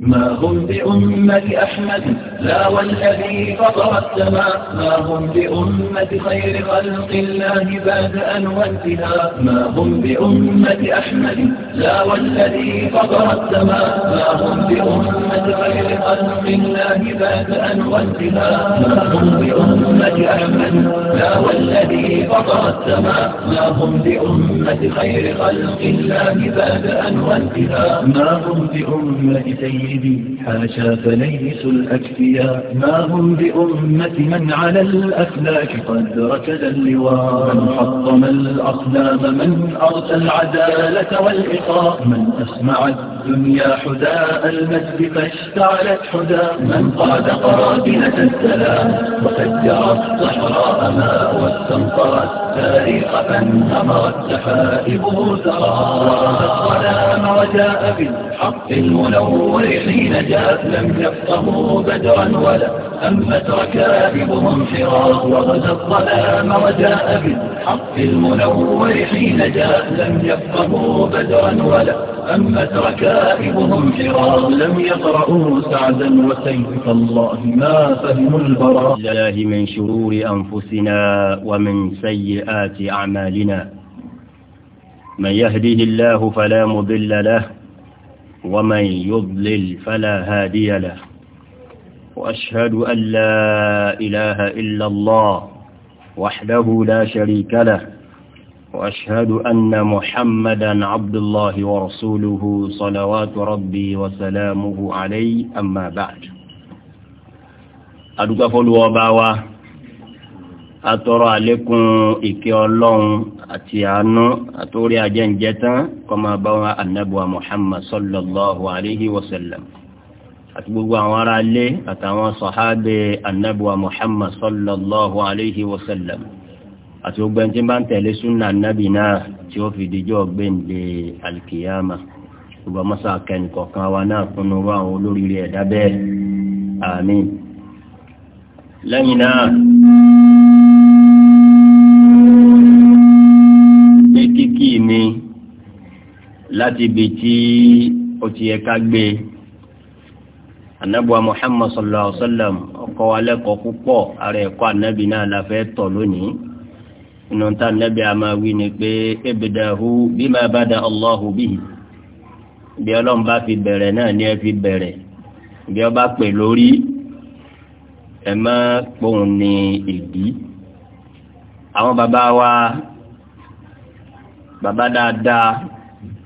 ما هم بأمة أحمد لا والذي فطر السماء ما هم بأمة خير خلق الله بعد أن وانتهى ما هم بأمة أحمد لا والذي فطر السماء ما هم بأمة خير خلق الله بعد أن وانتهى ما هم بأمة أحمد لا والذي فطر السماء ما هم بأمة خير خلق الله أن وانتهى ما هم بأمة سيد سيدي حاشا فليس الأكفياء ما هم بأمة من على الأفلاك قد ركد اللواء من حطم الأصنام من أرسى العدالة والإقاء من أسمع الدنيا حداء المجد فاشتعلت حدا من قاد قرابنة السلام وفجر الصحراء ما واستنطرت تاريخ من أمرت سفائه المنور حين جاء لم يفقه بدرا ولا أمت ركائبهم حراق وغدا الظلام وجاء بالحق المنور حين جاء لم يفقه بدرا ولا أمت ركائبهم حراق لم يقرأوا سعدا وسيف الله ما فهموا البراء لله من شرور أنفسنا ومن سيئ سيئات أعمالنا من يهده الله فلا مضل له ومن يضلل فلا هادي له وأشهد أن لا إله إلا الله وحده لا شريك له وأشهد أن محمدا عبد الله ورسوله صلوات ربي وسلامه عليه أما بعد أدوك فلو وباوه atọrọ àlékún ìkẹ́ Ọlọ́run àti àánú àtòrí ajẹnjẹ tán kọmọ abáwọn anabuwa Muhammad sallallahu alayhi wa sallam àti gbogbo àwọn ará ilé àtàwọn sọhábẹ anabuwa Muhammad sallallahu alayhi wa sallam àti gbogbo ẹni tí bá ń tẹ̀lé súnà nábì náà tí ó fi dijọ́ gbẹ̀ǹde alkiyama gbogbo amasa akẹ́ni kọ̀ọ̀kan wa náà kúnnú wa àwọn olóríire ẹ̀dá bẹ́ẹ̀ àmín lẹ́yìn náà. láti ibi tí ó ti yẹ ká gbé anabuwa muhammad sallallahu alaihi wa sallam ọkọ alẹkọ púpọ̀ ara ẹ̀kọ́ anabi náà la fẹ́ tọ́ lónìí inú ta anabi amawi ni pé ebidahu bima bada allahu bihi bí ọlọ́run bá fi bẹ̀rẹ̀ náà ni ẹ fi bẹ̀rẹ̀ bí ọ bá pè lórí ẹ má pòun ní ìdí àwọn baba wa baba dáadáa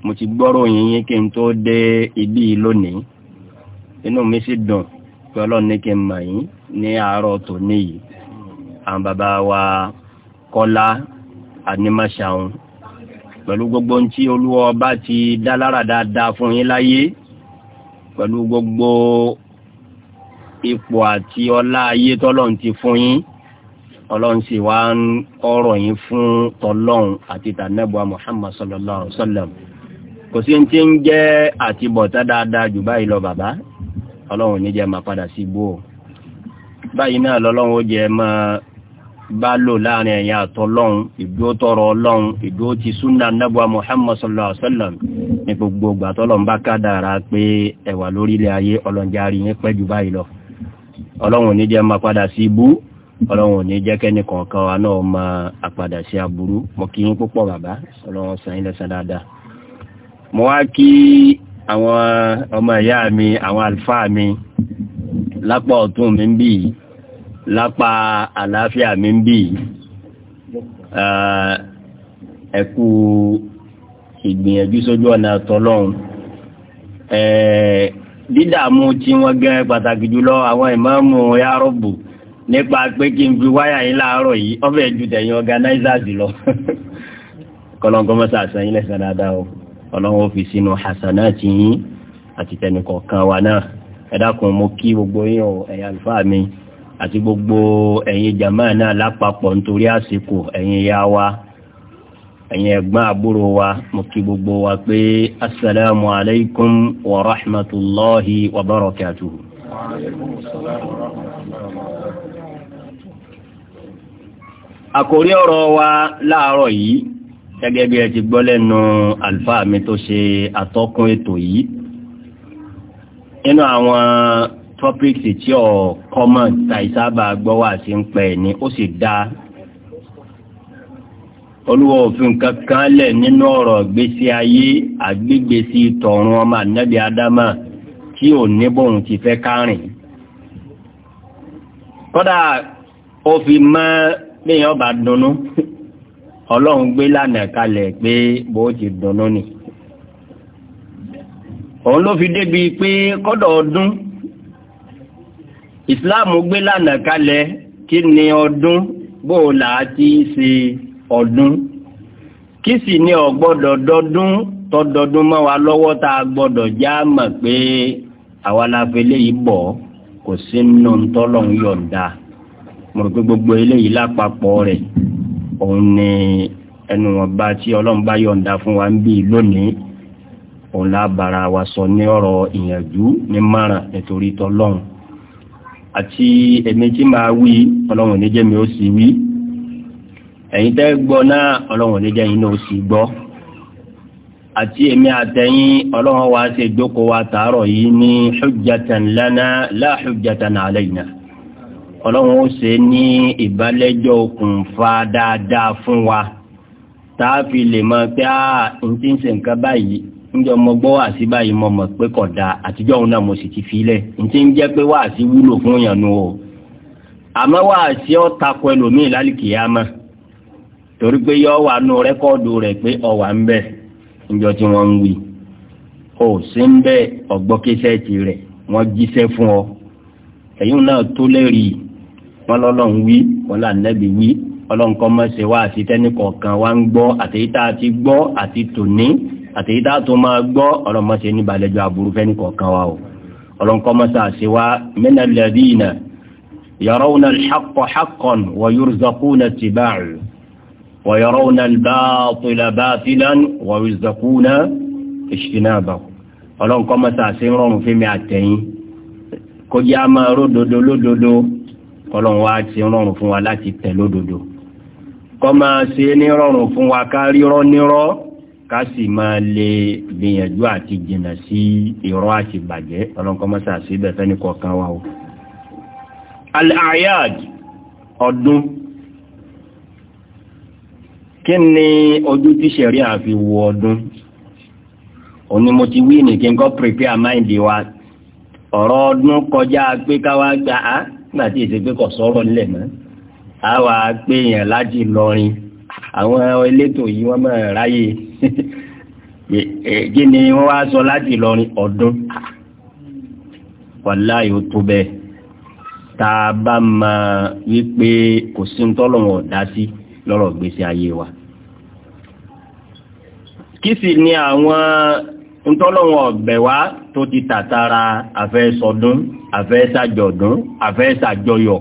mo ti gbọ́rọ̀ yín yín kí n tó dé ibí lónìí inú mi sì dùn pé ọlọ́run ní kí n mọ̀ yín ní àárọ̀ tòní yìí àwọn bàbá wa kọ́lá ànímọ̀ṣàun pẹ̀lú gbogbo ohun tí olúwa ọba ti dá lára dáadáa fún yín láyé pẹ̀lú gbogbo ipò àti ọlá ayé tọ́lọ́run ti fún yín ọlọ́run sì wá ń ọ̀rọ̀ yín fún tọ́lọ́run àti tànẹ́bùa Muhammad sallallahu alaihi wa sallam kò sí ti ń jẹ́ àtibọ̀tá dáadáa jù báyìí lọ bàbá ọlọ́run ní jẹ́ máa padà sí ibú o báyìí náà lọ́lọ́run ó jẹ́ máa bá lò láàrin ẹ̀yà àtọ́lọ́run ìdúró ọlọ́run ìdúró súnà nàbọ̀ Muhammad sallallahu alaihi wasallam ní gbogbo ìgbà tọ́lọ́run bá kádàrá pé ẹ̀wà lórílẹ̀ ayé ọlọ́njarí yín pẹ́ jù báyìí lọ ọlọ́run ní jẹ́ máa padà sí ibú ọlọ́run ò ní jẹ́ kẹ́ni kọ̀ọ̀kan wa náà máa àpadà sí aburú mo kí yín púpọ̀ bàbá ọlọ́run sàn yín lẹ́sàn mo wá kí àwọn ọmọ ìyá mi àwọn àlùfáà mi lápá ọ̀tún mi ń bì lápá àlàáfíà mi ń bì ẹ kú ìgbìyànjú sójú ọ̀nà àtọ́lọ́hún dídààmú tí wọ́n gẹ́ pàtàkì jùlọ àwọn ìmáàmù yárọ̀bù nípa pé kí n fi wáyà yín láàárọ̀ yìí ọ̀fẹ́ ju tẹ̀yìn ọ̀gánáìsà jùlọ kọ́lọ́ńkọ́ mọ́sàásán yín dáadáa o ọlọ́run ó fi sínú hasanati yín àti tẹnìkọ̀ọ̀kan wa náà ẹ mo kí gbogbo yín o ẹ̀yin àlùfáà mi àti gbogbo ẹ̀yin jàmá náà lápapọ̀ nítorí àsìkò ẹ̀yin ya wa ẹ̀yin ẹ̀gbọ́n àbúrò wa mo kí gbogbo wa pé asalaamu alaykum wa rahmatulahi wa barakatuhu. wa alaykum wa rahmatulahi yìí gẹ́gẹ́ bí ẹ ti gbọ́ lẹ́nu àlùfáà mi tó ṣe àtọ́kùn ètò yìí nínú àwọn topics tí ọ̀ common tàìsábà gbọ́ wà sí ń pẹ̀ ní ó sì dá olúwa òfin kankan lẹ̀ nínú ọ̀rọ̀ gbèsè ayé àgbégbèsè tọ̀run ọmọ ànábì ádámà tí ò ní bóun ti fẹ́ kárìn kódà ó fi mọ́ bí yẹn ọba dunnú ọlọ́run gbé lànà kalẹ̀ pé bó ti dùnú ni òun ló fi débi pé kọ́dọ̀ ọdún ìsìláàmù gbé lànà kalẹ̀ kí ni ọdún bó là á ti ṣe ọdún kí sì ni ọ̀gbọ́dọ̀ dọdún tọdọdún mọ́ wa lọ́wọ́ tá a gbọ́dọ̀ já mọ̀ pé àwa la fi léyìí bọ̀ kò sí nínú ntọ́lọ́hún yọ̀ǹda mo rò pé gbogbo eléyìí lápapọ̀ rẹ̀. òun ni ẹnu ọba tí ọlọ́run bá yọ̀ǹda fún wa ń bí lónìí òun lábara wa sọ ní ọ̀rọ̀ ìyànjú ní márùn nítorí tọlọ́run àti èmi tí máa wí ọlọ́run níjẹ́ mi ó sì wí ẹ̀yin tẹ́ gbọ́ náà ọlọ́run níjẹ́ yín náà ó sì gbọ́ àti èmi àtẹ̀yìn ọlọ́run wa ṣe ìjókòó wa yìí ní hujjatan lana la hujjatan alayna. ọlọ́run ó ṣe ní ìbálẹ́jọ́ okùnfà dáadáa fún wa tá a fi lè mọ̀ pé a n ti ń ṣe nǹkan báyìí njẹ mo gbọ́ wá báyìí mọ mọ̀ pé kò dáa àtijọ́ òun náà mo sì ti filẹ̀ n ti ń jẹ́ pé wá wúlò fún yàn nù o àmọ́ wá sí ọ́ takọ ẹlòmíì lálìkìyàmọ́ torí pé yọ wà nù rẹ́kọ́ọ̀dù rẹ̀ pé ọ̀wà ń bẹ njọ tí wọ́n ń wí o sí ń bẹ ọ̀gbọ́kẹ́sẹ̀ tirẹ̀ wọ́n jíṣẹ́ fún ọ ẹ̀yìn náà tó lẹ́rìí wọn lọ́lọ́run wí wọn là nẹ́bi wí ọlọ́run kọ́ mọ́ ṣe wá àti tẹ́nìkọ̀ọ̀kan wá ń gbọ́ àtẹ̀yítà àti gbọ́ àti tòní àtẹ̀yítà tó máa gbọ́ ọlọ́run mọ́ ṣe níbalẹ̀jọ àbúrú fẹ́nìkọ̀ọ̀kan wa o ọlọ́run kọ́ mọ́ ṣe àṣewá mina alladhina yarawna al-haqqa haqqan wa yurzaquna ittiba'ahu wa yarawna al-batila batilan wa yurzaquna ijtinabahu ọlọ́run kọ́ mọ́ ṣe àṣe rọrùn fẹ́mi àtẹ̀yìn kó jẹ́ àmọ́ ródodo lódodo kọlọ́n wa ti rọrùn fún wa láti tẹ̀ lódodo kọ́ máa ṣe ní rọrùn fún wa ká rírọ́ nírọ́ ká sì máa lè gbìyànjú àti jìnnà sí irọ́ àti bàjẹ́ ọlọ́nkọ́ mọ́sà sí ibẹ̀ fẹ́ni kọ̀ọ̀kan wa o. al-ayad ọdún kí ni ojú tí sẹ̀rí àfi wo ọdún òní mo ti wí ní kí n kọ́ prepare mind wa ọ̀rọ̀ ọdún kọjá pé káwá gbà á. Ah, nígbà tí kò sọ̀rọ̀ nílẹ̀ mọ́ a wà pé èèyàn lọrin àwọn elétò yìí wọ́n máa ráyè kí ni wọ́n wá sọ láti lọrin ọdún wàlá yóò tó bẹ́ẹ̀ tá a bá máa wípé kò sí ń tọ́lọ́wọ̀n ọ̀dá sí lọ́rọ̀ gbèsè ayé wa kí sì ni àwọn ntọ́lọ́wọ̀n ọ̀gbẹ̀ wá tó ti tàtàrà àfẹ́sọdún àfẹ́sàjọ̀dún àfẹ́sàjọyọ̀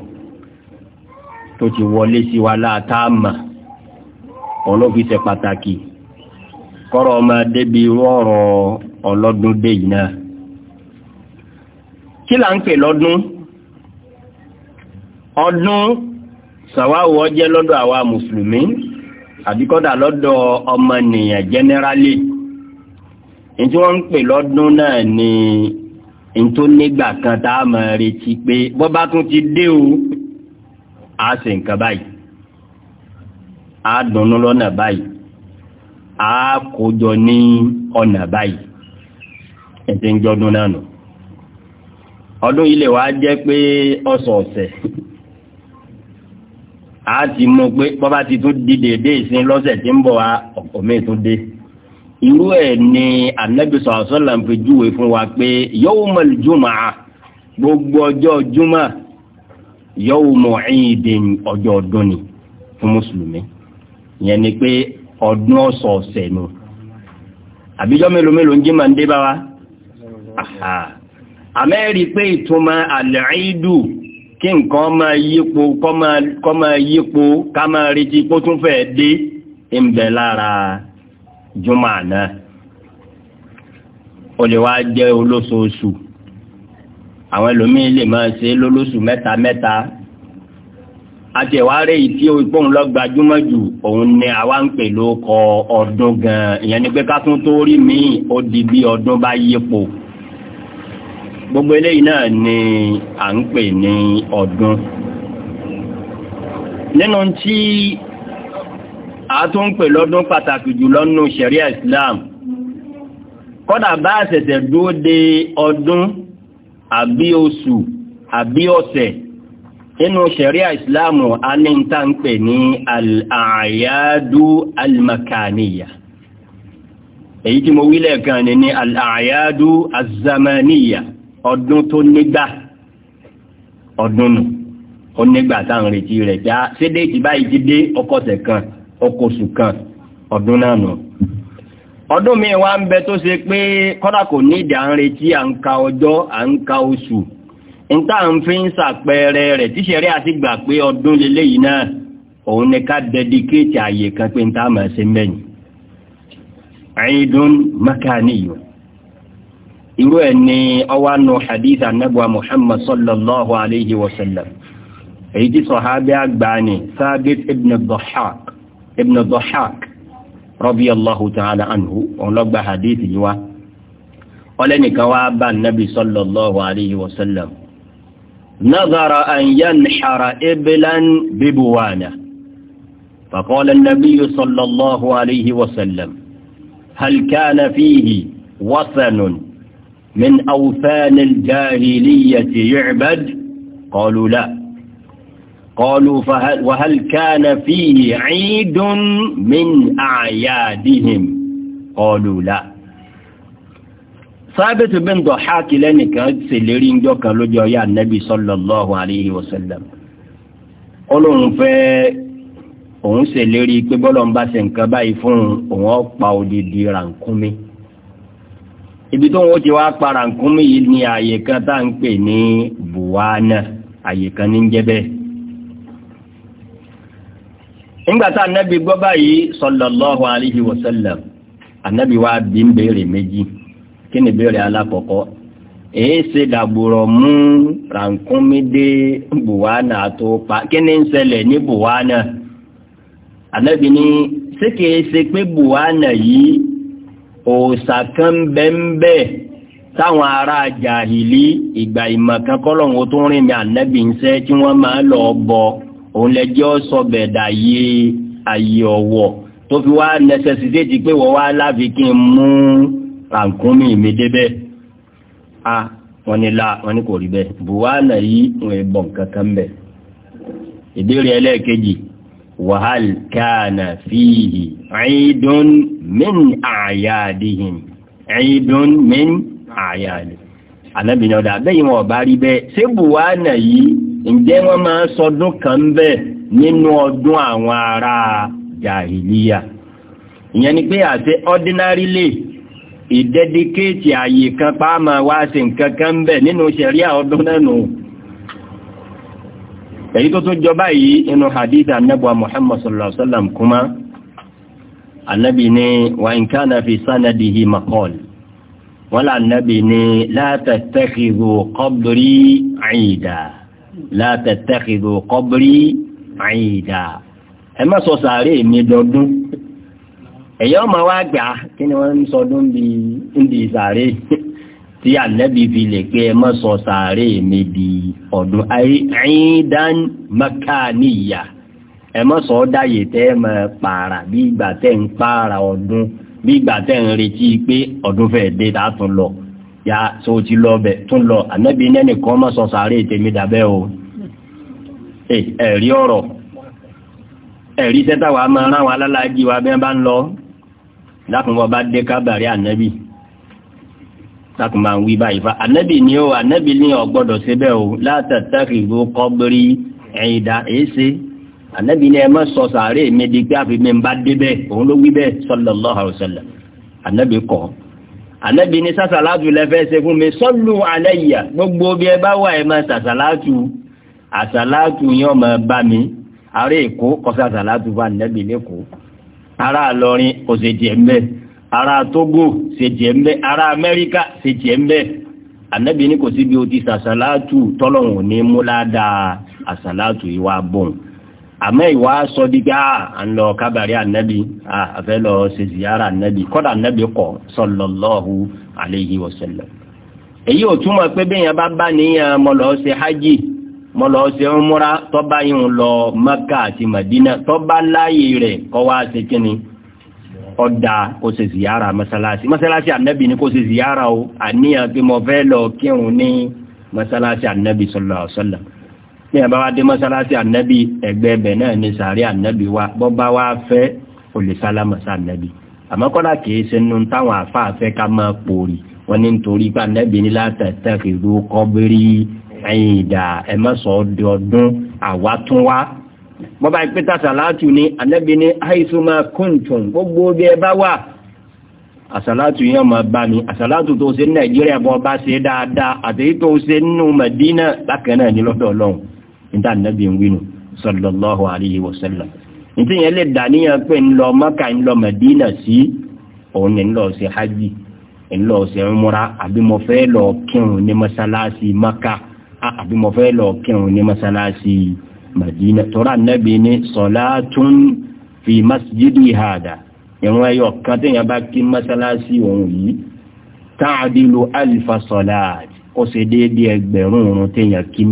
tó ti wọlé sí wa látàmà ọlọ́fíìsẹ̀ pàtàkì kọ́rọ̀ ọmọ débi rọ́rọ̀ ọlọ́dún dé yìí náà kí là ń pè lọ́dún ọdún sàwáwọ̀ jẹ́ lọ́dọ̀ àwa mùsùlùmí àbíkọ́dà lọ́dọ̀ ọmọnìyàn jẹ́nẹ́rálì ntí wọ́n ń pè lọ́dún náà ni ntó nígbà kan tá a máa retí pé bọ́bá tún ti dé o a ṣe nǹkan báyìí a dùnnú lọ́nà báyìí a kójọ ní ọ̀nà báyìí ẹ̀sìn jọdún náà nù ọdún yìí lè wá jẹ́ pé ọ̀sọ̀ọ̀sẹ̀ a ti mọ̀ pé bọ́bá ti tún dìde dé ìsìn lọ́sẹ̀ tí ń bọ̀ wá ọ̀pọ̀ mi tún dé irú ẹ̀ ni anabi sallallahu alaihi wasallam fi júwe fún wa pé yawmal jumu'ah gbogbo ọjọ́ juma yawmu ìdìn ọjọ́ ọdún ni fún mùsùlùmí ìyẹn ni pé ọdún ọ̀sọ̀ọ̀sẹ̀ nù àbíjọ́ mélòó mélòó ń jí máa ń dé bá wa àmẹ́rí pé ìtumọ̀ àlẹ́ìdù kí nǹkan máa yípo kọ́ máa yípo ká máa retí kó tún fẹ́ dé ń bẹ lára jùmọ̀ àná o lè wá jẹ́ olóṣooṣù àwọn ẹlòmíín lè máa ṣe lólóṣù mẹ́ta mẹ́ta àti ìwárẹ̀ yìí tí òun lọ gbajúmọ̀ jù òun ni àwa ń pè ló kọ ọdún gan-an ìyẹn ni pé ká tún tó rí míì ó di bí ọdún bá yípo gbogbo eléyìí náà ni à ń pè ní ọdún nínú tí àtún ń pè lọ́dún pàtàkì jùlọ nù ṣẹ̀ríà Islam kọ́dà bá ṣẹ̀ṣẹ̀ dúró de ọdún àbí oṣù àbí ọ̀sẹ̀ nínú ṣẹ̀ríà Islam a ní ń tà ń pè ní al-a'yadu al-makaniya èyí tí mo wí lẹ́ẹ̀kan ni ní al-a'yadu az-zamaniya ọdún tó nígbà ọdún nù ó nígbà táwọn retí rẹ̀ já sédéètì ah, báyìí ti dé ọkọ̀ọ̀sẹ̀ kan okoṣù kan ọdún náà nù ọdún mi wá ń bẹ tó ṣe pé kọ́dà kò ní ìdí à ń retí à ń ka ọjọ́ à ń ka oṣù n tá à ń fi ń ṣàpẹẹrẹ rẹ̀ tíṣẹ̀rí àti gbà pé ọdún lélẹ́yìí náà òun ni ká dẹdíkéètì àyè kan pé alayhi wa sallam èyí sábẹ́t ابن الضحاك رضي الله تعالى عنه ولقب حديث جوا ولني كوا النبي صلى الله عليه وسلم نظر أن ينحر إبلا ببوانة فقال النبي صلى الله عليه وسلم هل كان فيه وثن من أوثان الجاهلية يعبد قالوا لا قالوا فهل وهل كان فيه عيد من أعيادهم قالوا لا ثابت بن ضحاك لنك سلرين دوكا لجو يا النبي صلى الله عليه وسلم قلوا فهل òun ṣèlérí pé bọ́lọ̀ ń bá ṣe nǹkan báyìí fún òun ọ̀pá odidi rànkúnmí ibi tó ń wọ́n ti wá pa rànkúnmí yìí ní àyè kan tá à ń pè ní buwana àyè kan ní ń jẹ́ bẹ́ẹ̀ nígbàtà anabi gbọ́ báyìí sallallahu alayhi wa Annabi anabi wa bí ń béèrè méjì kí ni béèrè alákọ̀ọ́kọ́ èyí ṣe dàgbòrò mú buwana tó pa kí ni ń ní buwana anabi ní ṣé kìí ṣe pé buwana yìí òòṣà táwọn ará jàhìlì ìgbà ìmọ̀ anabi ń ṣe tí wọ́n òun lẹjọ́ sọbẹ̀ dàyé ayé ọwọ́ tó fi wá nẹsẹsidéètì pé wọ́n wá láfi kí n mú rànkúnmí mi débẹ̀ a wọ́n ní la wọ́n ní kò rí bẹ́ẹ̀ buhana yìí ń bọ̀ kankan bẹ́ẹ̀ ìbéèrè ẹlẹ́ẹ̀kejì wàhálì kánà fíìhì ẹ̀ẹ́dùn min àyàdìhìn ẹ̀ẹ́dùn min àyàdìhìn anábìnrin ọ̀dà bẹ́ẹ̀ yìí wọ́n bá rí bẹ́ẹ̀ ṣé buhana yìí ǹjẹ́ wọ́n máa sọdún kan bẹ́ẹ̀ nínú ọdún àwọn ará jàhìlíyà ìyẹn ni pé àti ordinary lay ìdẹ́díkéètì àyè kan pàmà wá sí nǹkan kan bẹ́ẹ̀ nínú ṣẹ̀ríà ọdún nẹ́nu èyí tó tó jọba yìí inú hadith anábọ̀ muhammad sallallahu alaihi wa sallam kuma anábì ní wa in kana fi sanadihi maqal wala anábì ní la tattakhidhu qabri 'ida la tattakhidhu qabri aida ẹ má sọ sàárè mi dọdún ẹ̀yọ́ ọmọ wa gbà kí ni wọ́n ń sọdún bí ndì sàárè tí ànábì fi lè pé ẹ má sọ sàárè mi di ọdún aidan makaniya ẹ má sọ dáyè tẹ́ ẹ má pààrà bí ìgbà ń pààrà ọdún bí ìgbà ń retí pé ọdún fẹ́ẹ́ dé tá tún lọ yà sọ ti lọ bẹ̀ tún lọ ànábì nẹ́nì kan má sọ sàárè tèmi dàbẹ́ o ẹ̀rí ọ̀rọ̀ ẹ̀rí sẹ́tà wa máa rán wa lálàájì wa bẹ́ẹ̀ bá ń lọ lákùnbọ̀ bá dé kábàrí ànábì láti máa ń wí báyìí fa ànábì ni ó ànábì ní ọ̀gbọ́dọ̀ síbẹ̀ o látàtàkì ló kọ́bírí ẹ̀yìndà èéṣe ànábì ni ẹ má sọ sàárè mi di pé àfi mi ń bá débẹ̀ òun ló wí bẹ́ẹ̀ sallallahu alaihi wasallam ànábì ànábì ní sàṣàlátù lẹ́fẹ́ ṣe fún mi sọ́lù aláyà gbogbo bí ẹ bá wà ẹ máa sàṣàlátù àṣàlátù yẹn ọmọ bá mi ará èkó kọ sàṣàlátù bá ànábì lẹ́kọ̀ọ́ ará àlọrin kò ṣe jẹ́ ń bẹ́ ará tógò ṣe jẹ́ ń bẹ́ ará amẹ́ríkà ṣe jẹ́ ń bẹ́ ànábì ní kò síbi o ti sàṣàlátù tọ́lọ́hùn ní múládàá àṣàlátù ìwà bọ́ọ̀n àmọ́ ìwà sọ dígbà ah, à ń lọ kábàrí ànábì àfẹ́ ah, lọ ṣe ziyara ànábì kọ́dà ànábì kọ̀ sallallahu alayhi wa sallam. èyí ò túmọ̀ pé bẹ́yẹn bá bá níyàn mo lọ ṣe hajj mo lọ ṣe umra tó bá yìí ń lọ Mẹ́kà àti Madina tó láàyè rẹ̀ kọ́ wá ṣe kíni ọ̀dà kó ṣe ziyara mọ́sálásí mọ́sálásí ànábì ni kó ṣe ziyara tí yẹn bá wá dé mọ́sálásí ànábì ẹ̀gbẹ́ ẹbẹ̀ náà ní sàárẹ̀ ànábì wa bọ́ bá wá fẹ́ olùsálámọ̀sá ànábì àmọ́ kọ́dà kìí ṣe nínú táwọn àfáàfẹ́ ká máa pòrì wọn ní nítorí pé ànábì ní látẹ̀tẹ̀ ìlú kọ́bírí ẹ̀yìn ìdá ẹ̀mọ́sọ̀ ọdún àwa tún wá bọ́ bá pété àsàlátù ní ànábì ní àìsùnmá kùntùn gbogbo bí ẹ bá wà àsàlátù yẹn máa bá mi àsàlátù tó ṣe ní nàìjíríà bọ́ bá ṣe dáadáa àtẹ̀yí tó ṣe nínú mẹ̀dínà lákẹ́ náà ní lọ́dọ̀ ọlọ́run níta nàbí ń wí nù sallallahu alayhi wa sallam níta yẹn lè dàníyàn pé ńlọ maka ńlọ madina sí òun ni ńlọ ṣe hajj ńlọ ṣe múra àbí mo fẹ́ lọ kírun ní masalasi maka àbí mo fẹ́ lọ kírun ní masalasi madina tóra nàbí ní salatun fi masjidi hada ìrun ẹyọ kan téèyàn bá kí masalasi òun yìí ta'dilu alfa salat ó ṣe déédéé ẹgbẹ̀rún òun téèyàn kí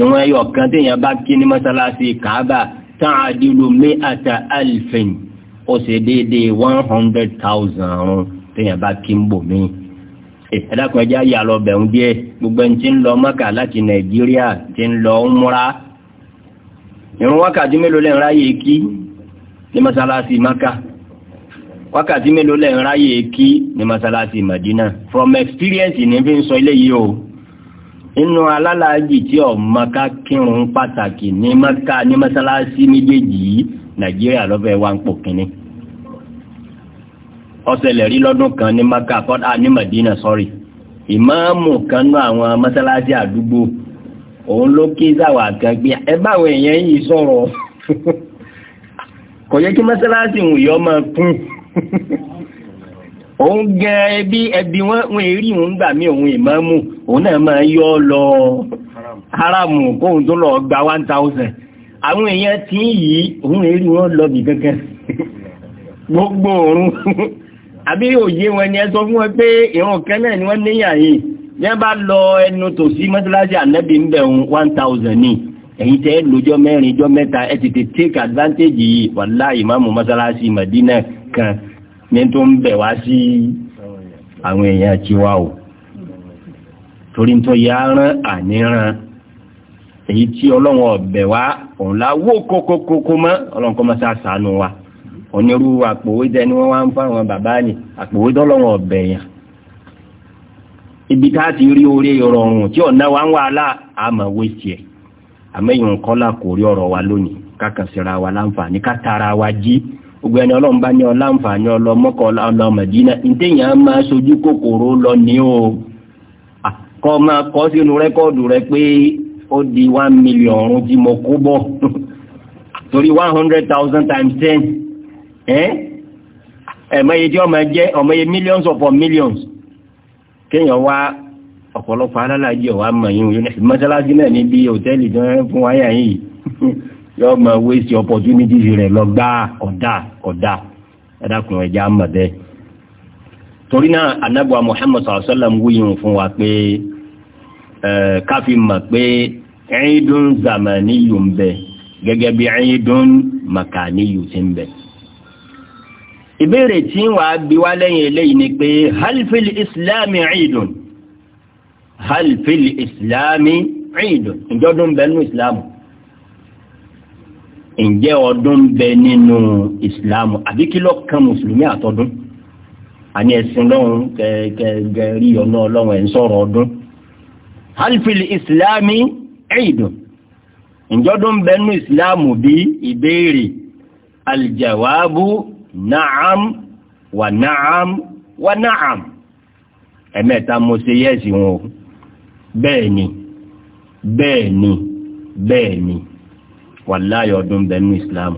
ìwọ̀n ẹyọ kan téèyàn bá kí ní mọ́sálásí kàábà tán àdìlú mẹ́ta alfin ó ṣe déédéé one hundred thousand rún téèyàn bá kí ń bò mí. ìtàdàkùn ẹja yà lọ bẹ̀rù díẹ̀ gbogbo ẹni tí ń lọ mọ́kà láti nàìjíríà tí ń lọ ń múra. ìrun wákàtí mélòó lẹ́yìn ráyè kí ní mọ́sálásí mọ́kà wákàtí mélòó lẹ́yìn ráyè kí ní mọ́sálásí màdínà from experience ní fi ń sọ ilé o. inú alálàájì tí ọmọ ká kírun pàtàkì maka ní mọ́sálásí méjèèjì yìí nàìjíríà lọ́fẹ́ wá ń pò kínní ọ̀sẹ̀lẹ̀ rí lọ́dún kan ní maka kọ́dà ní madina sọ́rí ìmáàmù kan àwọn mọ́sálásí àdúgbò òun ló ké sáwà kan pé ẹ báwọn èèyàn yìí sọ̀rọ̀ kò yẹ kí ma wù òun gẹ ẹbí ẹbí wọn wọn èrí òun gbà mí òun ìmáàmù òun náà máa yọ lọ haramu kóhun tó lọ gba one thousand àwọn èèyàn tí ń yí òun èrí wọn lọ bì kankan gbogbo òun àbí òye wọn ni ẹ sọ fún wọn pé ìrun kan ni wọn níyàn yìí ní wọn bá lọ ẹnu tòsí mọ́sálásí ànábì ń bẹ̀ òun one thousand ni èyí tẹ́ lójọ́ mẹ́rin jọ́ mẹ́ta ẹ tètè take advantage yìí wàláhì ìmáàmù mọ́sálásí Madina kan. ní tó ń bẹ̀ wá sí àwọn èèyàn tiwa o torí tó yà rán àníran èyí tí ọlọ́run ọ̀bẹ̀ wá òun la kókókókó mọ́ ọlọ́run kọ́ mọ́ sá sànù wa onírú àpòwé dẹni wọ́n wá ń fáwọn bàbá ni àpòwé dọ́lọ́run ọ̀bẹ̀ yàn ibi tá a ti rí orí ìrọ̀rùn tí ọ̀nà wa ń wà láà àmọ́ wé tiẹ̀ àmọ́ èèyàn kò rí ọ̀rọ̀ wa lónìí kákan síra wa láǹfààní ká tara wa jí gbogbo ẹni ọlọ́run bá ní ọlá nfààní ọlọmọkọ ọlọ mẹdínà ntẹ̀yìn á máa sojú kòkòrò lọ ní o kọ́ máa kọ́ sínú rẹ́kọ́ọ̀dù rẹ pé ó di one million ọ̀run tí mo kó bọ̀ torí one hundred thousand times ten ẹ̀mọye tí ọmọ jẹ́ ọmọye millions of millions kéèyàn wá ọ̀pọ̀lọpọ̀ alálàájì ọ̀wá mọ̀ yín mọ́sálásí náà níbi hòtẹ́ẹ̀lì tí wọ́n fún wáyà yìí yóò máa waste opportunity rẹ̀ lọ gbá ọ̀dà ọ̀dà ẹ̀dàkùn ẹ̀já mọ̀ bẹ́ẹ̀. torí náà anábọ̀ Muhammad sallallahu alaihi wasallam wúyìn fún wa pé káfí mọ̀ pé ẹ̀yìndún zamaniyù ń bẹ gẹ́gẹ́ bí ẹ̀yìndún makaniyù ti ń bẹ. ìbéèrè tí wàá bí wá lẹ́yìn eléyìí ni pé halifil islami ẹ̀yìndún halifil islami ẹ̀yìndún ìjọdún bẹ́ẹ̀ nù ìsìlámù. ǹjẹ́ ọdún bẹ nínú ìsìláàmù àbí kí ló kan mùsùlùmí àtọdún àní ẹ̀sìn kẹ̀kẹ́ rí ọ̀nà ọlọ́run ẹ̀ ń sọ̀rọ̀ ọdún halifili ìsìláàmì ẹ̀yìndùn ǹjọ́dún bẹ nínú ìsìláàmù bí ìbéèrè aljawabu na'am wa na'am wa na'am ẹ̀mẹ́ta mo ṣe yẹ́sì wọn o bẹ́ẹ̀ ni bẹ́ẹ̀ ni bẹ́ẹ̀ ni. wàláyé ọdún bẹnu islam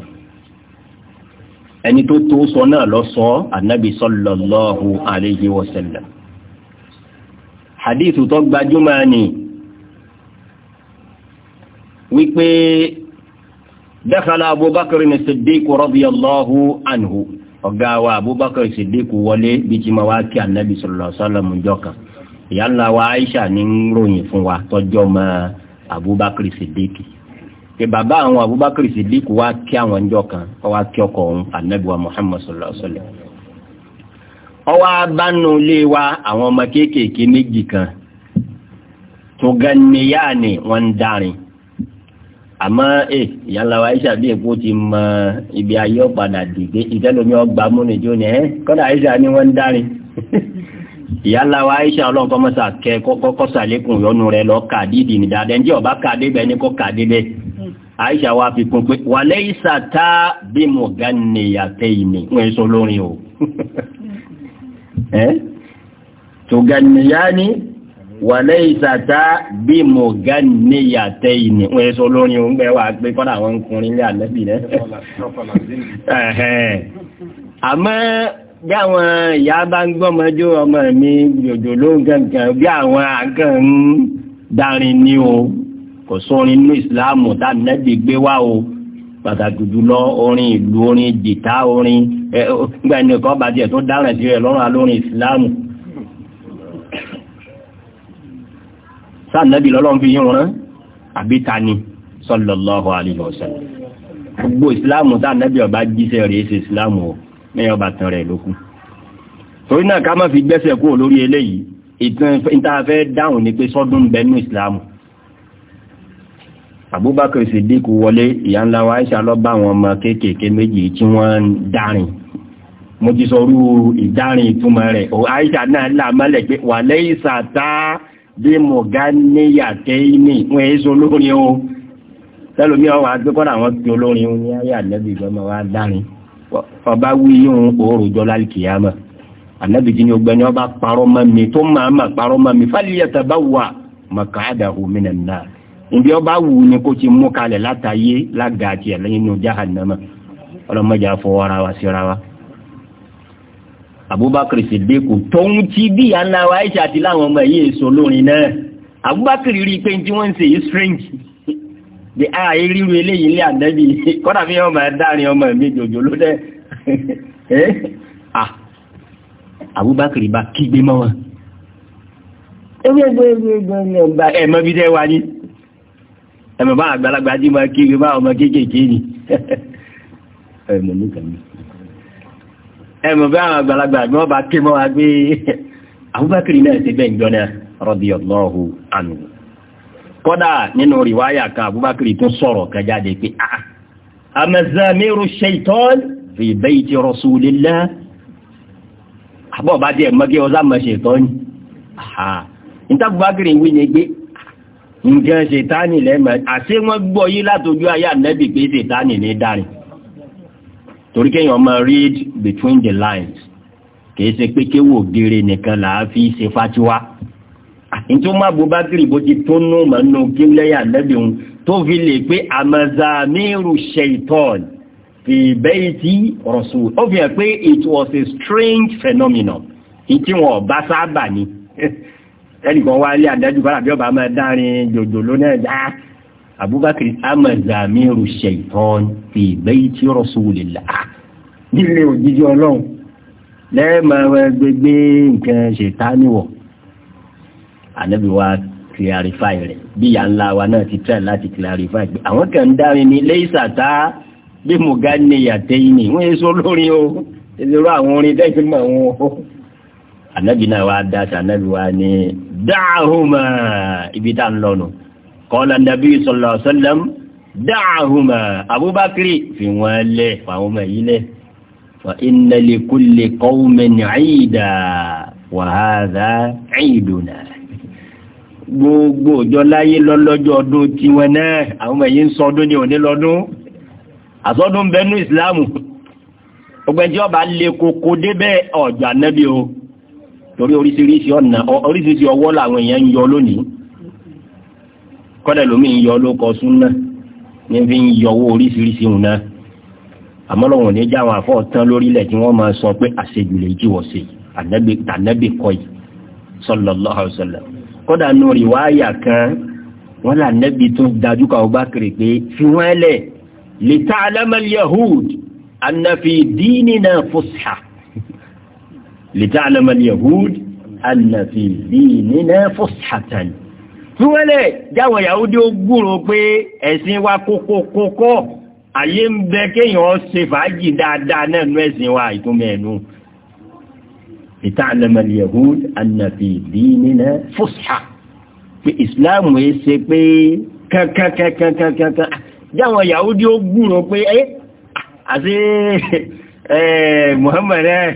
ẹni tó tó sọ náà lọ sọ anabi sallallahu alayhi wa sallam hadith tó gbajúmọ̀ ni wípé dakhala abubakar ní siddiq radiyallahu anhu ọ̀gá wa abubakar siddiq wọlé bí ti ma wá kí anabi sallallahu alayhi wa sallam jọ kan ìyá ńlá wa aisha ní ń ròyìn fún wa tọjọ́ ma abubakar siddiq pé bàbá àwọn Abubakar Siddiq wá kí àwọn ọjọ́ kan ọwá kí ọkọ òun Ànábì wa Muhammad sallallahu alaihi wasallam ọwá bánu lé wa àwọn ọmọ kéékèèké méjì kan tó gan ni yáà ni wọ́n ń darin àmọ́ ẹ eh, ìyáńlá wa aisha bí èkó ti mọ ibi ayé ọ̀padà dìde ìtẹ́lómi ọgbà múnijó ni ẹ kọ́dà aisha ni wọ́n ń dárin ìyáńlá aisha ọlọ́run kọ́ kọ́kọ́ sàlékún yọnu rẹ lọ kà dídì ní ọba kà débẹ̀ ní kọ́ àìṣà wa fi kún pé wà lẹ́yìn sàtá bí mo ga nìyà tẹ́yìnì wọ́n èso lórin o tó ga nìyà ni wà lẹ́yìn sàtá bí mo ga nìyà tẹ́yìnì wọ́n èso lórin o ń gbẹ́ wà pé kọ́nà àwọn ọkùnrin ilé àlẹ́bì rẹ̀ àmọ́ bí àwọn ìyá bá ń gbọ́mọjú ọmọ mi jòjò ló kankan bí àwọn àkàn ń darin ni o kò sórin inú ìsìláàmù tá nẹ́bí gbé wá o pàtàkì jùlọ orin ìlú orin jìtá orin ẹ gbà ní ọkọ̀ bàjẹ́ tó dáràn sí rẹ̀ lọ́rùn alórin ìsìláàmù sáà nẹ́bí lọ́lọ́run fi yín àbí ta ni sallallahu alaihi wasallam gbogbo ìsìláàmù tá nẹ́bí ọba jíṣẹ́ rẹ̀ ṣe ìsìláàmù o mẹ́yàn ọba tán rẹ̀ lókun torí náà ká má fi gbẹ́sẹ̀ kúrò lórí eléyìí ìtàn ìtàfẹ́ dáhùn ni pé sọ́dún bẹ́ẹ̀ nínú ìsìláàmù Abubakar Siddiq wọlé ìyá ńlá wa Aisha lọ bá àwọn ọmọ kéékèèké méjì tí wọ́n ń dárin mo ti sọ orú ìdárin ìtumọ̀ rẹ̀ o Aisha náà là mọ́lẹ̀ pé wà lẹ́yìn sàtá bí mo ga níyà téyìnì wọ́n èyí sọ olórin o tẹ́lómi ọ̀wà àgbékọ́dà wọn pe olórin ní ayé ànábì ìgbọ́mọ wa dárin ọba wí yóò oòrùn jọ lálìkìyàmọ̀ ànábì jí ni ọba parọ́ mọ́ mi tó máa ma parọ́ mọ́ mi fáliyẹ̀ tàbá wà mọ̀kàádà òmìnira náà ìbí ọba wù ní kó ti mú kalẹ̀ látàyé lága àti ẹ̀ lẹ́yìn inú jahannama ọlọ́mọdé àfọwọ́ra wa síra wa. Abubakar Sidiku tóun ti bí àná wa Aisha àti láwọn ọmọ yìí èso lórin náà Abubakar rí i pé tí wọ́n ń ṣe yìí strange bí a ríru eléyìí ilé àdẹ́bí kọ́dà fi ọmọ ẹ̀dárin ọmọ mi jòjò ló dẹ́ ẹ́ Abubakar bá kígbe mọ́ wọn. ewé gbé gbé gbé ẹ̀mọ́ bí dẹ́ wa ni ẹ̀mọ̀ bá àgbàlagbà dí máa kí ibi bá ọmọ kéékèèké ni ẹ̀mọ̀ nìkan ni ẹ̀mọ̀ bá àgbàlagbà ni wọ́n bá ké mọ́ wa Abubakar náà ṣe bẹ́ẹ̀ jọ náà radiyallahu anhu kọ́dà nínú rìwáyà kan Abubakar tún sọ̀rọ̀ kan jáde pé ah, amazamiru shaitan fi bayti rasulillah àbọ̀ bá díẹ̀ mọ́gẹ́ ọ̀sán mọ́ ṣètọ́ ni ìtàkùn Abubakar wí ni gbé nǹkan ṣètánì lẹ́mọ̀ àti wọ́n gbọ́ yí látojú ayé ànẹ́bì pé ṣètánì ní dárin torí kéèyàn máa read between the lines kìí ṣe pé kéwò gèrè nìkan là á fi ṣe fatiwa nítorí wọn bó bá kiri bó ti tún nù mọ́ nù kí lẹ́yìn ànẹ́bì òun tó fi lè pé amazamiru shaitan fi bayti rasul ó fi hàn pé it was a strange phenomenon ìtí wọn ọba sábà ni ẹnìkan wá lé àdájú bá àbí ọba máa dárin jòjò lónà ẹ̀dá Abubakar amazamiru shaitan fi bayti rasulillah nílé òjijì ọlọ́run lẹ́ẹ̀mọ̀ gbégbé nǹkan ṣètáníwọ̀ ànábì wa clarify rẹ̀ bí ìyá ńlá wa náà ti tẹ̀ láti clarify pé àwọn kan dárin ní lẹ́yìnsà tá bí mo ga ní ìyàtẹ́ yìí ni wọ́n yé sọ lórí o ìṣòro àwọn orin dẹ́gbẹ̀mọ̀ wọn ànábì náà wa dá sí ànábì wa ní dáhùmá ibi tá ń lọ́nu kọ́lá nàbí sọ̀lọ̀ sọ́lọ́m dáhùmá abúbákiri fi wọ́n lẹ̀ fáwọn ọmọ yìí lẹ̀ fa inna li kulli qawmin 'ida wa hadha 'iduna gbogbo òjọ láyé lọ́lọ́jọ́ ọdún tí wọn náà àwọn ọmọ yìí ń sọ ọdún ní òní lọ́dún àsọdún bẹnu ìsìláàmù ọgbẹ́jọba lè koko débẹ̀ ọ̀jà nẹ́bí torí oríṣiríṣi ọ̀nà oríṣiríṣi ọwọ́ làwọn èèyàn ń yọ lónìí kọ́dẹ̀ lómi ń yọ lóko súnà ní fi ń yọ owó oríṣiríṣi òun náà àmọ́ lọ́wọ́n ní já àwọn àfọ́ tán lórílẹ̀ tí wọ́n máa sọ pé àṣejù lè jíwọ̀ sí ànábì kọ́ yìí sallallahu alaihi wasallam kọ́dà nù rìwáyà kan wọ́n là nẹ́bi tó dájú kan ọba kiri pé fi wọ́n lẹ̀ li ta'lamal yahud anna fi dinina fusha لتعلم اليهود أن في ديننا فصحة túwẹ́lẹ̀ جاو Yahudi ó gbúrò pé ẹ̀sìn wa kókókókó ayé ń bẹ kéèyàn ṣe fàájì dáadáa náà nú ẹ̀sìn wa ìtúnmẹ̀ ẹ̀nu لتعلم اليهود أن في ديننا فصحة pé ìsìláàmù ẹ ṣe pé kankankankankankan jáwọn Yahudi ó gbúrò pé ẹ́ àti Muhammad ẹ́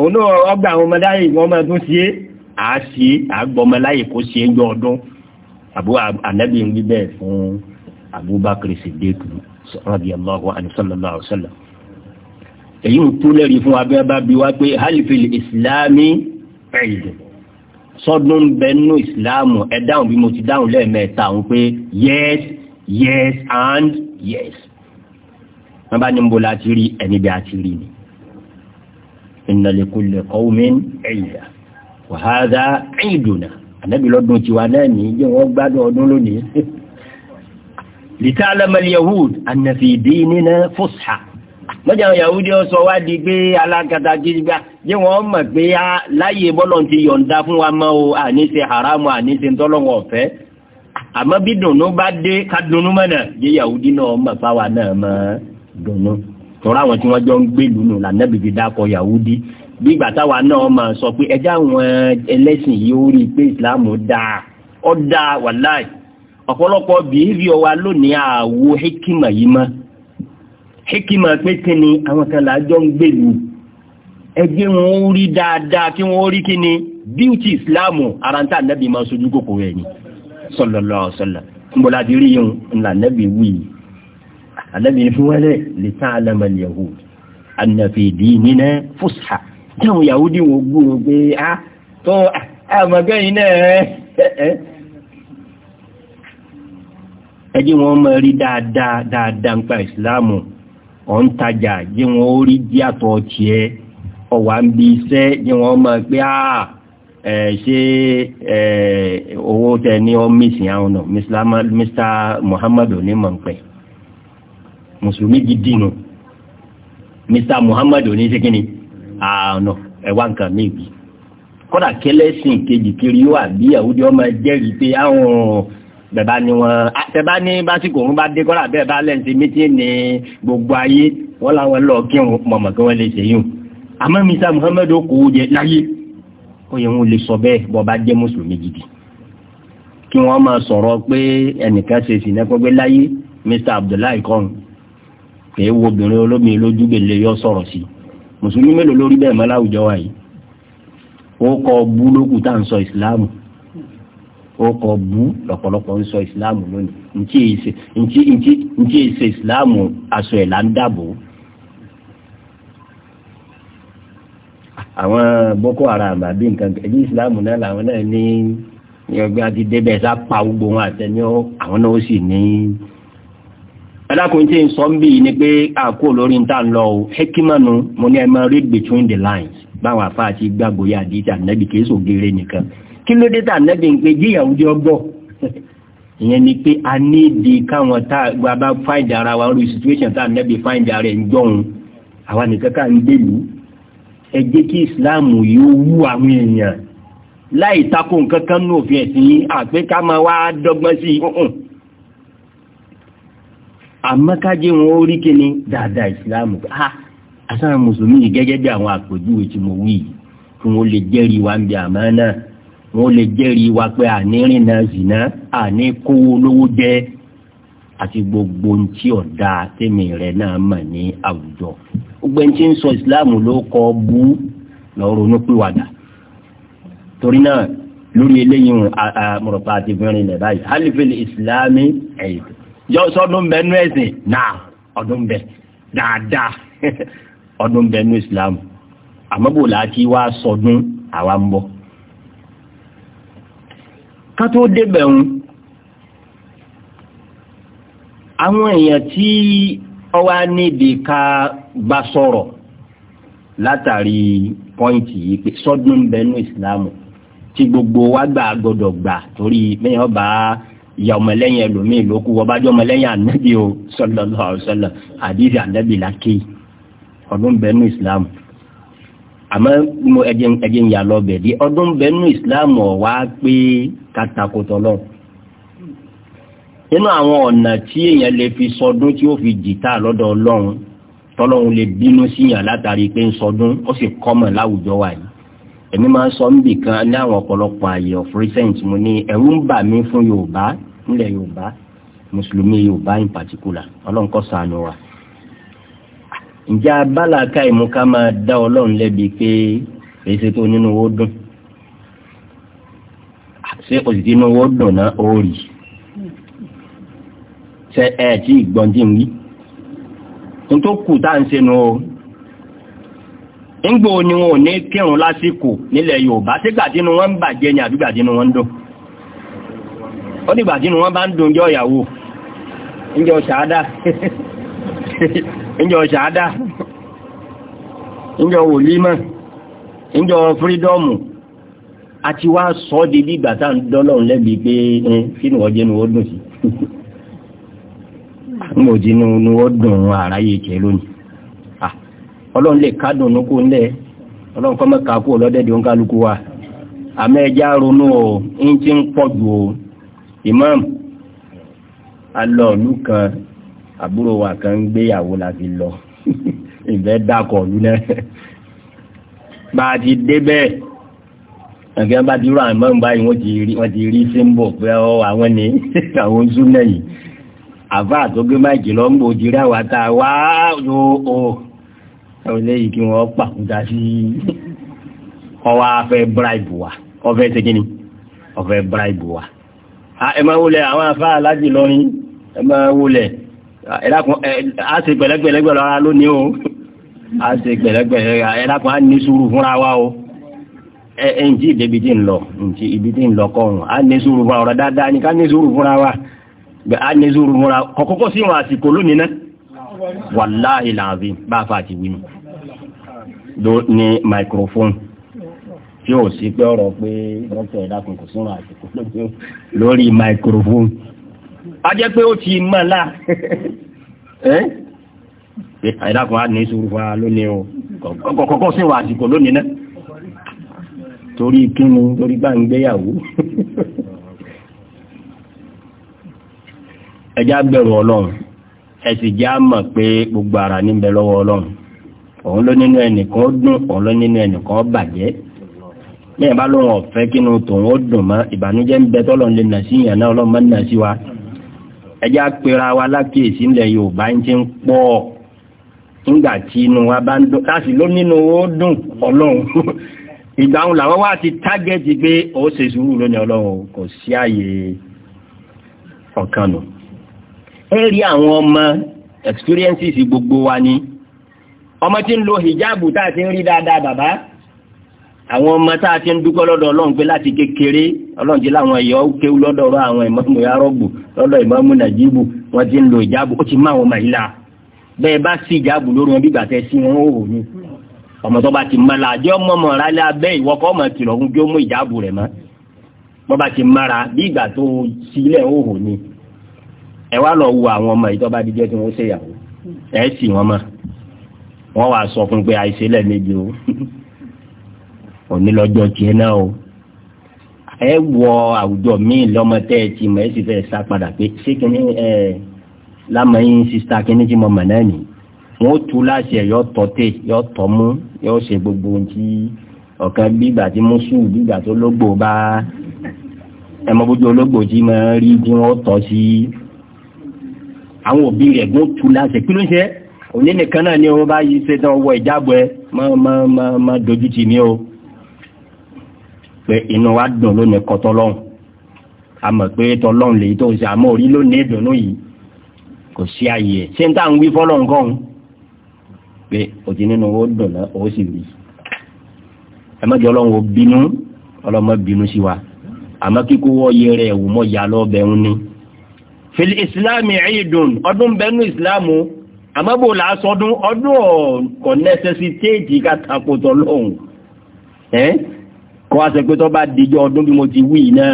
òun náà ọgbà àwọn ọmọdáyé wọn máa tún ṣe á ṣe àgbọmọláyè kó ṣe ń jọ ọdún àbú ànábì ń bíbẹ̀ fún Abubakar Siddiq radiyallahu anhu sallallahu alaihi wasallam èyí ń tó lẹ́rìí fún abẹ́ bá bí wá pé halifil islami ẹ̀yìn sọdún bẹnu ìsìláàmù ẹ dáhùn bí mo ti dáhùn lẹ́ẹ̀mẹ́ta àwọn pé yes yes and yes wọ́n bá ní ń bo láti rí ẹni bí a ti rí ni inna li kulli qawmin ida wa hadha iduna ànábì lọ́dún tiwa náà ní jẹ́ wọ́n gbádùn ọdún lónìí litaalama yahud anafi dinina fusha mọ́jà àwọn yahudi sọ wá di pé alákatá gidigba jẹ́ wọ́n mọ̀ pé láyé bọ́lọ̀ ti yọ̀ǹda fún wa mọ́ o àní ṣe haramu àní ṣe tọ́lọ́wọ́ ọ̀fẹ́ àmọ́ bí dùnú bá dé ká dùnú mọ́nà jẹ́ yahudi náà mọ̀ fáwa náà mọ́ tọ́ra àwọn tí wọ́n jọ ń gbèlú nù lànàbì fi dákọ̀ yahudi bí ìgbà táwa náà máa sọ pé ẹjẹ́ àwọn ẹlẹ́sìn yìí ó rí i pé ìsìláàmù dáa ó dáa wàláì ọ̀pọ̀lọpọ̀ bìírí ọwa lónìí àwo hekima yìí mọ́ hekima pé ni àwọn kan ń gbèlú ẹgbẹ́ wọn ó rí dáadáa kí wọ́n ó rí kí ni bíútì ara ń tà máa sojú kòkòrò sọlọlọ sọlọ rí yìí ànábì ìfúnwẹ́lẹ̀ lè tán alẹ́mọ̀ yahoo ànàfẹ́ ìdí nínú fúsà táwọn yahudi wo gbúrò pé ah, a tó àmọ̀gẹ́yìn náà ẹjí wọn mọ̀ rí dáadáa dáadáa ń pa ìsìláàmù ọ̀ ń tajà jí wọn ó rí jí àtọ̀ tiẹ̀ ọ̀wà ń bi iṣẹ́ jí wọn mọ̀ pé a ah, ṣe owó tẹ ní ọ́ mísìn àwọn náà mr muhammadu ní mọ̀ mùsùlùmí gidi nù mr muhammadu ní sikini àánú ẹwà nǹkan méjì kódà kẹlẹ́sìn kejì kiri wà bí àwùjọ ọmọ jẹ́rìí pé àwọn bẹ̀bá ni wọn àtẹ̀bá ní básìkò òun bá dé kódà bẹ́ẹ̀ bá lẹ́ǹtì mítí ní gbogbo ayé wọ́n láwọn lọ kí wọn mọ̀mọ́ kí wọ́n lè ṣe àmọ́ mr muhammadu kò jẹ láyé ó yẹ wọn lè sọ bẹ́ẹ̀ bọ́ bá jẹ́ mùsùlùmí gidi kí wọ́n máa sọ̀rọ̀ pé ẹnìkan ṣe sì mr abdullahi kọ́run kèé wo obìnrin olóbìnrin lójú gbèlè yọ sọ̀rọ̀ sí mùsùlùmí mélòó lórí bẹ́ẹ̀ mọ́ láwùjọ wa yìí ó kọ bú lókù tá à ń sọ ìsìláàmù ó kọ bú lọ́pọ̀lọpọ̀ ń sọ ìsìláàmù lónìí ntí ìṣe ìsìláàmù aṣọ ẹ̀ là ń dàbò. àwọn boko haram àbí nǹkan ẹ̀yìn ìsìláàmù náà làwọn náà ní ní ọgbẹ́ àti débẹ̀ sá pa gbogbo wọn àtẹ ní àwọn náà ó sì ní alákùnrin ń sọ ń bí ni pé àkó lórí ń tà ń lọ o hekimanu mo ní ẹ máa read between the lines báwọn afá àti gbàgbọ́ yà di tà nẹ́bì kìí sògèrè nìkan kí ló dé tà nẹ́bì pé jíyàwó jọ gbọ́ ìyẹn ni pé a ní di káwọn tá a bá find ara wa lórí situation tá a nẹ́bì find ara ẹ̀ ń gbọ́hun àwa nìkan ká ń gbèlú ẹ jẹ́ kí Islam yóò wú àwọn èèyàn láì takò nǹkan kan ní òfin ẹ̀sìn yìí àpé ká máa wá dọ́gbọ́n sí i àmọ́kájé wọn ó rí kíni dáadáa ìsìláàmù ha asáwọn mùsùlùmí yìí gẹ́gẹ́ bí àwọn àpèjúwe tí mo wí yìí kí lè jẹ́rìí wa ń bí àmọ́ náà wọ́n lè jẹ́rìí wa pé ànírìn náà zìnà àní kówó lówó jẹ́ àti gbogbo ohun tí ọ̀dà tèmi rẹ̀ náà mọ̀ ní àwùjọ. gbogbo ẹni tí ń sọ ìsìláàmù ló kọ bú lọ ronú torí náà lórí eléyìí mọ̀rọ̀pá àti báyìí yọ sọdún bẹ nú ẹ̀sìn náà ọdún bẹ dáadáa ọdún bẹ nú ìsìlámù àmọ́ láti wá sọdún àwa ń bọ̀ ká tó débẹ̀ ń àwọn èèyàn tí ọ wá níbi ká bá sọ̀rọ̀ látàrí pọ́ìntì yìí pé sọdún bẹ nú ìsìlámù tí gbogbo wa gbà gbọdọ̀ gbà torí mẹ́yàn bá. ìyá ọmọlẹ́yìn ẹlòmíì ló kú wọ́n bá jọ ọmọlẹ́yìn ànábì o sallallahu alaihi wasallam àdìsí ànábì làkè ọdún bẹ́ẹ̀ ní islam àmọ́ mo ẹ̀jẹ̀ ẹ̀jẹ̀ ń yà lọ bẹ̀ di ọdún bẹ́ẹ̀ ní islam ọ̀ wá pé kátàkùtọ̀ lọ. nínú àwọn ọ̀nà tí èèyàn lè fi sọdún tí ó fi jìtá lọ́dọ̀ ọlọ́run tọ́lọ́run lè bínú síyàn látàrí pé ń sọdún ó sì kọ́mọ̀ láwùjọ wa èmi máa ń sọ níbì kan ní àwọn ọ̀pọ̀lọpọ̀ àyè of recent mo ní ẹ̀rù ń bà mí fún yorùbá nílẹ̀ yorùbá mùsùlùmí yorùbá in particular ọlọ́run kó ṣàánú wa. ǹjẹ́ abálàkà ìmúká máa dá ọlọ́run lẹ́bi pé èsì tó nínú owó dùn ṣé kò sì ti nínú owó dùn náà ó rì ṣe ẹ̀ tí ìgbọ́n dín wí. n kù tá à ń ṣe nu o ńgbò ni wọn ò ní kírun lásìkò nílẹ̀ Yorùbá sígbàdínú wọn ń bàjẹ́ ni àdúgbàdínú wọn ń dùn ó dìgbàdínú wọn bá ń dùn jọ ìyàwó ǹjẹ́ ọ̀ṣàádá ǹjẹ́ ọ̀ṣàádá ǹjẹ́ wòlímọ̀ ǹjẹ́ fírídọ́mù àti wá sọ́ di bí gbàtà ń dọ́lọ́run lẹ́bi pé sínú ọjẹ́ ni wọ́n dùn sí ń gbòjì ni wọ́n dùn àráyé kẹ lónìí ọlọ́run lè ká dùnú kó ń lẹ̀ ọlọ́run kọ́ mẹ́ka kó lọ́dẹ̀dẹ̀ ó ń kálukú wa àmọ́ ẹja ronú o ń ti ń pọ̀ jù o imam alọ́ọ̀lù kan àbúrò wa kan ń gbéyàwó la fi lọ ìbẹ́ dákọ̀ ọ̀lú náà bá a ti débẹ̀ nǹkan bá ti rú àwọn mọ́rin báyìí wọ́n ti rí símbò pé ọ àwọn ni àwọn ń sún náà yìí àbá àtọ́gbé máìkì lọ́ngbò ti rí àwọn àtàwá o o eléyìí kí wọ́n pàkúta sí ọwọ́ afẹ́ bribe wa ọfẹ́ segin ọfẹ́ bribe wa. ẹ máa wọlé àwọn afá alájì lọrin ẹ máa wọlé ẹlákùn á ṣe pẹ̀lẹ́pẹ̀lẹ́ lọ́ra lónìí o á ṣe pẹ̀lẹ́pẹ̀lẹ́ ẹlákùn á ní sùúrù fúnra wa o ẹ ẹ ǹjẹ́ ìdẹ́bi tí ń lọ ǹjẹ́ ibi tí ń lọ kọ́run á ní sùúrù fúnra ọ̀rọ̀ dáadáa ni ká ní sùúrù fúnra wa á ní sùúrù fúnra kọ̀kọ́kọ́ sí wọn àsìkò lónìí náà wàláhì làbí bá a fà ti wí ni ní microphone tí ò sí pé ọ̀rọ̀ pé dókítà ẹ̀dá kan kò sínú àsìkò lórí microphone a jẹ́ pé ó ti mọ̀ là ẹ̀dá kan á ní sùúrù fún wa lónìí o kọ̀kọ́kọ́ sínú àsìkò lónìí náà torí kíni torí bá ń gbéyàwó ẹjá bẹ̀rù ọlọ́run ẹ sì já mọ̀ pé gbogbo ara níbẹ̀ lọ́wọ́ ọlọ́run òun ló nínú ẹnìkan ó dùn òun ló nínú ẹnìkan ó bàjẹ́ lẹ́yìn bá lóun ọ̀fẹ́ kínú tòun ó dùn mọ́ ìbànújẹ́ ń bẹ tọ́lọ́ lè nà sí ìyànná ọlọ́run má nà sí wa ẹjẹ́ apẹ̀ra wa lákèésí ńlẹ̀ yorùbá ń ti ń pọ̀ nígbà tí inú wa bá ń dùn láti ló nínú ó dùn ọlọ́run ìgbàhùn làwọn wá ti tágẹ́tì pé ó ṣe sùúrù lónìí ọlọ́run kò sí àyè ọ̀kan nù ẹ rí àwọn ọmọ experiences gbogbo wa ni ọmọ tí ń lo hijabu tá a ti ń rí dáadáa bàbá àwọn ọmọ tá a ti ń dúpẹ́ lọ́dọ̀ ọlọ́run pé láti kékeré ọlọ́run ti láwọn ẹ̀yọ́ kéwú lọ́dọ̀ ọ̀rọ̀ àwọn ìmáàmù yarọ́gbù lọ́dọ̀ ìmáàmù nàjíbù wọ́n ti ń lo hijabu ó ti má àwọn ọmọ yìí la bẹ́ẹ̀ bá sí hijabu lórí wọn bí gbàtẹ́ sí wọn ó wò ní ọmọ tó bá ti mọ́ra àjọ ọmọ mọ̀ra lé abẹ́ ìwọ́kọ́ ọmọ tìlọ̀ ń gbé mú hijabu rẹ̀ mọ́ wọ́n bá ti mọ́ra bí ìgbà tó sílẹ̀ ó wò ní ẹ wá lọ sì wọ́n mọ́ wọ́n wàá sọ fún pé àìsè lẹ́ẹ̀mejì o òní lọ́jọ́ tiẹ̀ náà o ẹ wọ àwùjọ míì lọ́mọ tẹ́ ẹ ti mọ̀ ẹ sì fẹ́ sá padà pé ṣé kìíní ẹ lámọ̀yìn sísá kìíní tí mo mọ̀ náà nì wọ́n ó tu láṣẹ yọ tọ́ tè yọ tọ́ mú yọ ṣe gbogbo ohun tí ọ̀kan bígbà tí mo sùn bígbà tó lógbò bá ẹ mọ bójú ológbò tí mo rí bí wọ́n tọ́ sí àwọn òbí rẹ̀ gún tu láṣẹ kí ló ń ṣe é òní nìkan náà ni o bá yí ṣe tán ọwọ́ ìjábọ̀ ẹ má dojú ti mi o pé inú wa dùn lónìí kọ́ tọ́lọ́hún a mọ̀ pé tọ́lọ́hún lèyí tó ń ṣe àmọ́ orí lónìí ìdùnnú yìí kò sí ààyè ṣé n táà ń wí fọ́lọ́ nǹkan pé òtí nínú ó dùn náà ó sì rí ẹ mọ́jọ́ ọlọ́run ò bínú ọlọ́mọ bínú sí wa àmọ́ kíkó wọ́ọ̀yẹ rẹ̀ wò mọ́ ya lọ́bẹ̀ ń ní. fil islam ìdùn ọdún bẹ́ẹ̀ nú ìsìlámù àmọ́bò làásọdún ọdún ọ̀kọ̀ nẹ́sẹsítéèjì kátàkótọ́ lọ́hùn ẹ́ kọ́ àṣẹ pé tó bá dijọ́ ọdún bí mo ti wí náà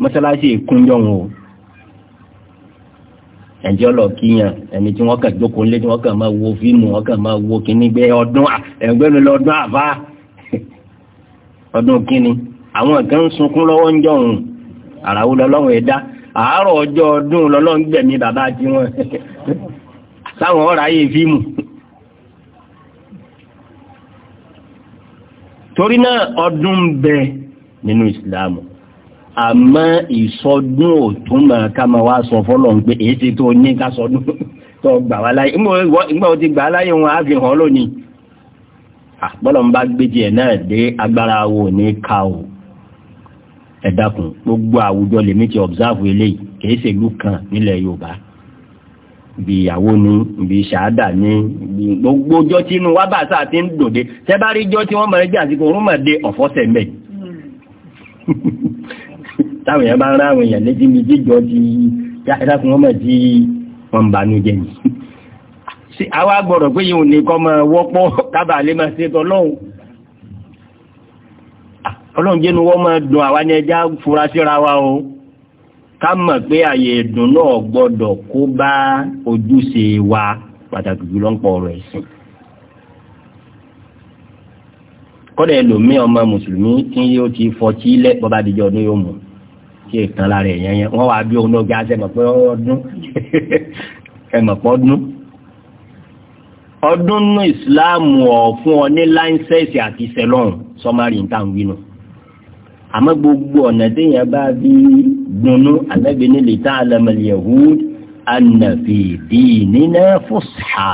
mọ́sálásí ìkúnjọ́ wọn o ẹ̀jẹ̀ lọ kíyàn ẹni tí wọ́n kàn jókòó lé tí wọ́n kàn máa wo fíìmù wọ́n kàn máa wo kíní gbé ọdún ẹ̀gbẹ́ni lọ́dún àbá ọdún kíní àwọn kan ń sunkún lọ́wọ́ ń jọ̀hún àràwọ̀ lọ́lọ́run ẹ̀dá àárọ̀ ọjọ́ ọdún lọ́lọ́run gbẹ̀mí bàbá tiwọn táwọn ọ̀rọ̀ ayé fíìmù torí náà ọdún bẹ nínú ìsìláàmù àmọ́ ìsọdún ò túnmọ̀ ká máa wá sọ fọ́lọ̀ ń pé èyí ti tó ní ká sọdún tó gbà wá láyé ìgbà ó ti gbà láyé wọn á fi hàn lónìí àbọ́lọ̀ ń bá gbéjì ẹ̀ náà dé agbára wo ní ká o ẹ gbogbo àwùjọ lèmi ti observe eléyìí kìí ṣèlú kan nílẹ̀ Yorùbá ibi ìyàwó ni ibi ṣáádà ni gbogbo ọjọ́ tí inú wa bá sáà ti ń dòde tẹ́bárí ọjọ́ tí wọ́n mọ̀ ẹjẹ́ àsìkò òun mọ̀ dé ọ̀fọ́sẹ̀ mẹ́ táwọn èèyàn bá ń ráwọn èèyàn létí mi jíjọ ti yára fún wọn mọ̀ tí wọ́n ń banú jẹ́ ni ṣe àwa gbọ́dọ̀ pé yìí ò ní kọ́ mọ̀ wọ́pọ̀ kábàlẹ́ máa ṣe tọ́lọ́hùn ah, ọlọ́run jẹ́nu wọ́n máa dùn àwa ní ẹja fura síra wa o ká mọ̀ pé àyè ẹ̀dùn náà gbọ́dọ̀ kó bá ojúṣe wa pàtàkì jùlọ ń pọ̀ ọ̀rọ̀ ẹ̀sìn. kọ́dà ẹlòmíì ọmọ mùsùlùmí tí yóò ti fọtí lẹ́ bọ́ba àdìjọ ní yóò mú kí ètàn lára ẹ̀yẹn yẹn wọ́n wá bí òun náà gbé àṣẹmọ̀ pé ọdún ẹ̀mọ̀ pọ̀ ọdún. ọdún nù ìsìláàmù ọ̀ fún ọ ní láńsẹ̀sì àti sẹlọ́ọ̀n sọmárì ń tàn wí nù àmọ́ gbogbo ọ̀nà téèyàn bá fi dunnú ànábì ní lè tá àlàmà yahud ànàfì dìínínà fúsà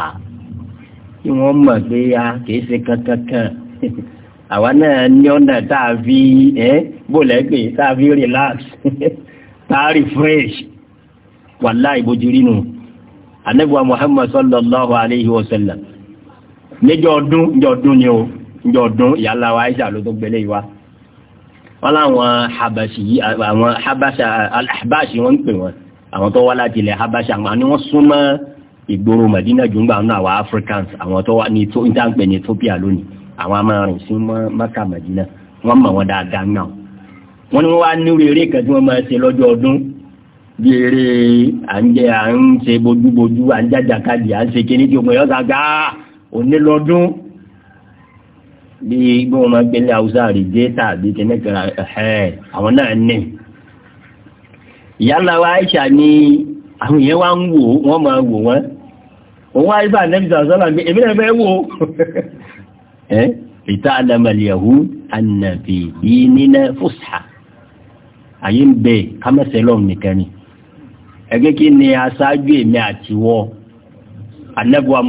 tí wọ́n mọ̀ pé a kìí ṣe kankankan àwa náà ní ọ̀nà tá a fi ẹ́ bọ̀lẹ́gbẹ̀ tá a fi relax tá a refresh wàláì bójú rí nù ànábì wa sallallahu alayhi wa sallam níjọ́ ọdún níjọ́ ọdún ni o níjọ́ ọdún ìyá aláwa aisha ló tó gbẹlẹ́ yìí wá wọ́n láwọn habasi yìí àwọn alhabasi wọ́n ń pè wọ́n àwọn tó wá láti ilẹ̀ habasa àwọn ni wọ́n súnmọ́ ìgboro Madina jùmọ̀ àwọn àwọn Africans àwọn tó wá ní tó ń dáńpẹ̀ ní Ethiopia lónìí àwọn amárin sí Maka Madina wọ́n mọ̀ wọ́n dáadáa náà wọ́n ní wọ́n wá ní eré kan tí wọ́n máa ṣe lọ́jọ́ ọdún bí eré à ń jẹ à ń ṣe bojúbojú à ń jàjàkadì à ń ṣe kíní tí ogun yọ bí gbé wọn máa gbélé haúsá rìjẹ́tà bí kẹ́nẹ́kẹ́ra ẹ̀hẹ́ àwọn náà ní. wa Aisha ni àwọn èèyàn wá ń wò wọ́n máa wò wọ́n òun àìbá nẹ́bìtà sọ́lá gbé èmi náà fẹ́ wò ẹ́ ìta alamalẹ̀hu annabi yìí nínú fúsà ayé ń bẹ kámẹ́sẹ̀lọ́ nìkan ni ẹgbẹ́ kí ni aṣáájú èmi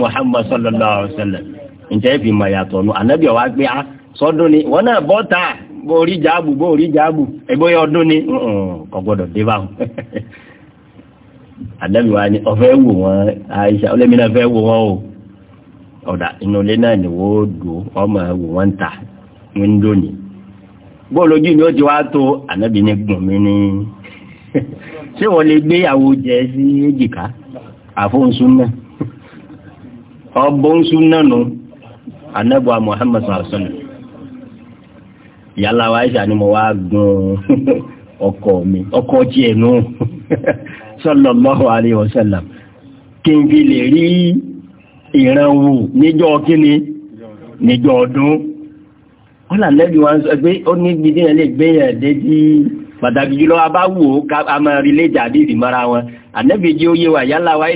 Muhammad sallallahu alaihi wa sallam njẹ́ fi mọ̀ yàtọ̀ nu ànábì ọ̀wá pé a ah, sọdún ni wọn náà bọ́ ta bó orí jáàbù bó orí ọdún ni kò dé bá wọn. ànábì wa ni ọ̀fẹ́ wò wọ́n Aisha ọlẹ́mi náà fẹ́ wò wọ́n o ọ̀dà inú ilé náà ni wọ́n dùn ọmọ wò wọ́n ń ta wíńdò ni bóòlù ojú ni ó ti wá tó ànábì ní gùn mí ní ṣé wọ́n lè gbé ìyàwó jẹ sí èjìká àfóhùnsún náà ọbọ̀nsún náà nù. No anabuwa muhammad sallallahu yàlla wa aisha ni mo wá gun ọkọ mi ọkọ tiẹ̀ nù wa kí n fi lè rí ìran wù níjọ́ kíni níjọ́ ọdún wọn là lẹbi wọn sọ pé ó ní ibi yẹn lè gbé yẹn dé bí pàtàkì jùlọ ká a máa rí léjà bí wọn ànẹ́bí wa yálà wa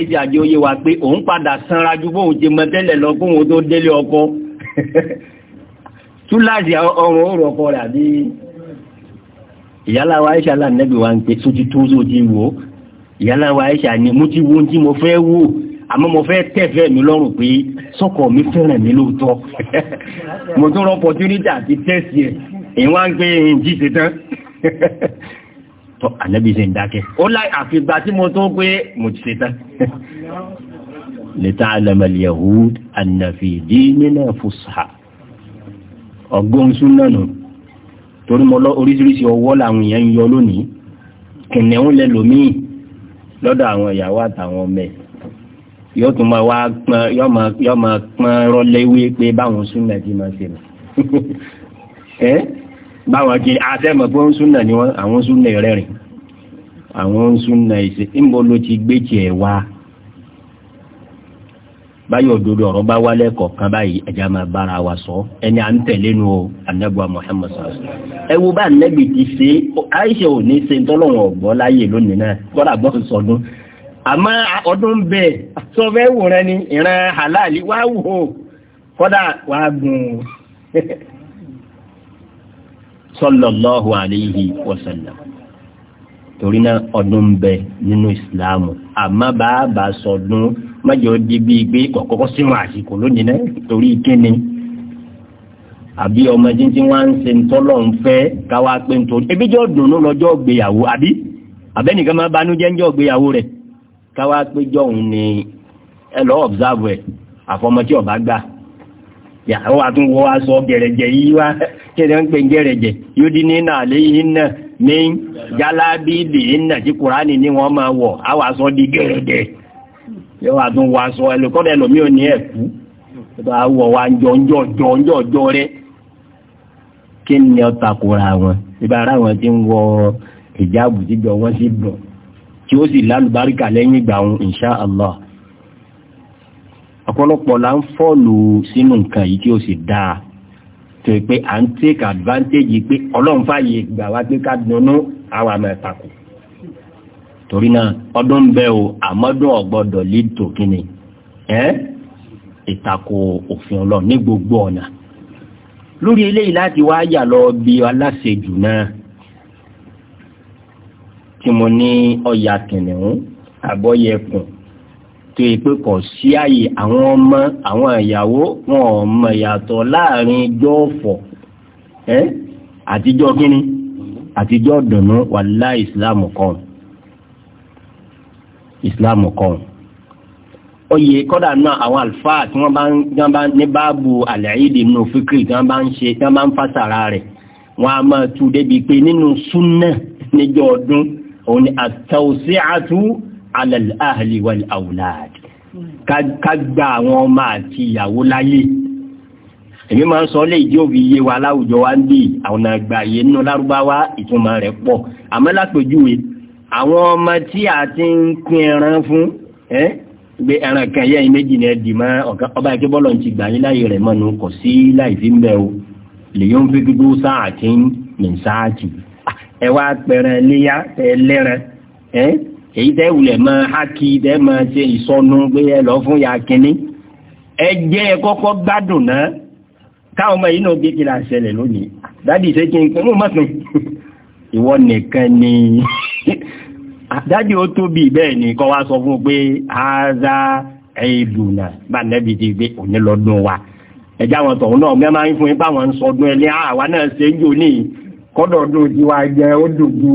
wa pé òun padà sanra ju bóun ti mọ tẹ́lẹ̀ lọ kóun tó ọkọ túláàsì ọrùn òrùn ọkọ rẹ̀ àbí ìyálà wa aisha là nẹ́bí wa ń pè sójú tó sójú wò ìyálà wa aisha ni mo ti wo ohun tí mo fẹ́ wò àmọ́ mo fẹ́ tẹ̀fẹ́ mi lọ́rùn pé sọ́kọ̀ mi fẹ́ràn mi lóòótọ́ mo tún rọ opportunity àti tẹ́sì ẹ̀ ìwọ́n á ń pè é jí ṣe tán tọ́ ànẹ́bí ṣe ń dákẹ́ ó láì àfìgbà tí mo tó pé mo ti ṣe tán لتعلم اليهود أن في ديننا فصحى ọgbọ́n súnà nù torí mo lọ oríṣiríṣi ọwọ́ làwọn èèyàn ń yọ lónìí kìnìún lẹ́lòmíì lọ́dọ̀ àwọn ìyàwó àtàwọn ọmọ ẹ̀ yóò tún máa wá pọn yóò máa pọn rọlẹ́wé pé báwọn súnà ti máa ṣe ẹ́ báwọn kì í àtẹ́mọ̀ pé súnà ni wọ́n àwọn súnà rẹ̀ rìn àwọn súnà ìṣe ń bọ́ ló ti gbé tiẹ̀ wá. báyọ̀ òdodo ọ̀rọ̀ bá wálẹ̀ kọ̀ọ̀kan báyìí ẹja máa bára wa sọ ẹni à ń tẹ̀lé nu o anabuwa muhammed ẹ wo bá anabi ti ṣe aisha ò ní ṣe ntọ́lọ́wọ̀n ọ̀gbọ́ láyè lónìí náà kọ́lá gbọ́ sọdún àmọ́ ọdún bẹ́ẹ̀ sọfẹ́ wòran ni ìran halali wá wò ó kọ́dà wá gùn ún sallallahu alayhi wa sallam torí náà ọdún bẹ́ẹ̀ nínú ìsìlámù àmọ́ bá mẹjọ di bíi gbé kọ̀kọ́kọ́ sínú àsìkò lónìí náà torí kíni àbí ọmọ jíjí wá ń se ń káwá pé nítorí ebi jọ dùnú lọ́jọ́ gbéyàwó àbí máa banú jẹ́ gbéyàwó rẹ̀ káwá pé jọ̀hún ni ẹ lọ́ọ́ observe ẹ̀ àfọmọ́tí ọ̀bá gbà yàwó àtúnwò aṣọ gẹ̀rẹ̀jẹ̀ yìí wá kéde ń pè ń gẹ̀rẹ̀jẹ̀ yóò di ní ní yóò wá tún wọ aṣọ ẹlòkọ́dọ̀ ẹlòmí ò ní ẹ̀kú bá wọ̀ wá jọ̀ǹjọ̀ jọ̀ǹjọ̀ jọ rẹ kí ni ọ takora wọn ibà ara wọn ti ń wọ ìjáàbù jíjọ wọn sí dùn tí ó sì lálùbáríkà lẹ́yìn ìgbà wọn insha allah ọ̀pọ̀lọpọ̀ la ń fọ́ọ̀lù sínú nǹkan yìí tí ó sì dáa tó yẹ pé à ń take advantage pé ọlọ́run fàyè gbà wá pé ká dunnú àwọn àmọ́ ẹ̀ takò torí náà ọdún ń bẹ o àmọ́dún ọ̀gbọ́dọ̀ lead to kíni ẹ́ ìtakò òfin ọlọ́run ní gbogbo ọ̀nà lórí eléyìí láti wá yà lọ bí aláṣejù náà tí mo ní ọ̀yà kìnìún àbọ̀yẹ̀kùn tó yẹ pé kò sí àyè àwọn ọmọ àwọn ìyàwó wọn ò mọ láàrin jọ́ọ̀fọ̀ ẹ́ àtijọ́ kínní àtijọ́ dùnú wàlá ìsìlámù kan islam kan oyè kọ́dà náà àwọn àlùfáà tí wọ́n bá ń gbọ́n bá ní báàbù àlẹ́yìdì nù fíkìrì tí wọ́n bá ń ṣe tí wọ́n bá ń fàṣàrà rẹ̀ wọ́n á máa tu débi pé nínú súnà níjọ́ ọdún òun ni àtàwùsíàtú alàlàhàlì wà àwùláàd ká gba àwọn ọmọ àti ìyàwó láyé èmi máa ń sọ lè jẹ́ òbí yé wa láwùjọ wa ń bì àwọn àgbà yé nínú lárúbáwá ìtumọ̀ rẹ̀ pọ̀ àmọ́ lápèjúwe àwọn ọmọ tí a ti ń pín ẹran fún ẹ́ gbé ẹran kan yẹ́yìn méjì ní ẹ̀dì mọ́ ọ̀kan ọba ẹ̀kẹ́ bọ́lọ̀ ti gbà yín láyé rẹ̀ mọ́nu kò sí láì fi ń bẹ o lèyí ń fi dúdú sáà tí ń mìn sáà jù ẹ wá pẹ̀rẹ̀ léyà ẹ lẹ́rẹ̀ ẹ́ èyí tẹ́ wulẹ̀ mọ́ hákì tẹ́ mọ́ ṣe ìsọnù pé ẹ lọ fún ya kínní ẹ jẹ́ ẹ kọ́kọ́ gbádùn náà káwọn ọmọ yìí náà gbé kí la ṣẹlẹ̀ lónìí dádì ṣe kí n pẹ́ mú mọ́sùn ìwọ nìkan ni dájú ó tóbi bẹ́ẹ̀ ni kọ́ wa sọ fún un pé aza ẹ̀ẹ́dùnà bá nẹ́bi ti gbé òní lọ́dún wa ẹ̀já wọn tọ̀hún náà mẹ́ máa ń fún ipá wọn sọdún ẹni ah, àwa náà ṣe ń jò ní kọ́dọ̀ọ́dún tí wàá ó dùgbù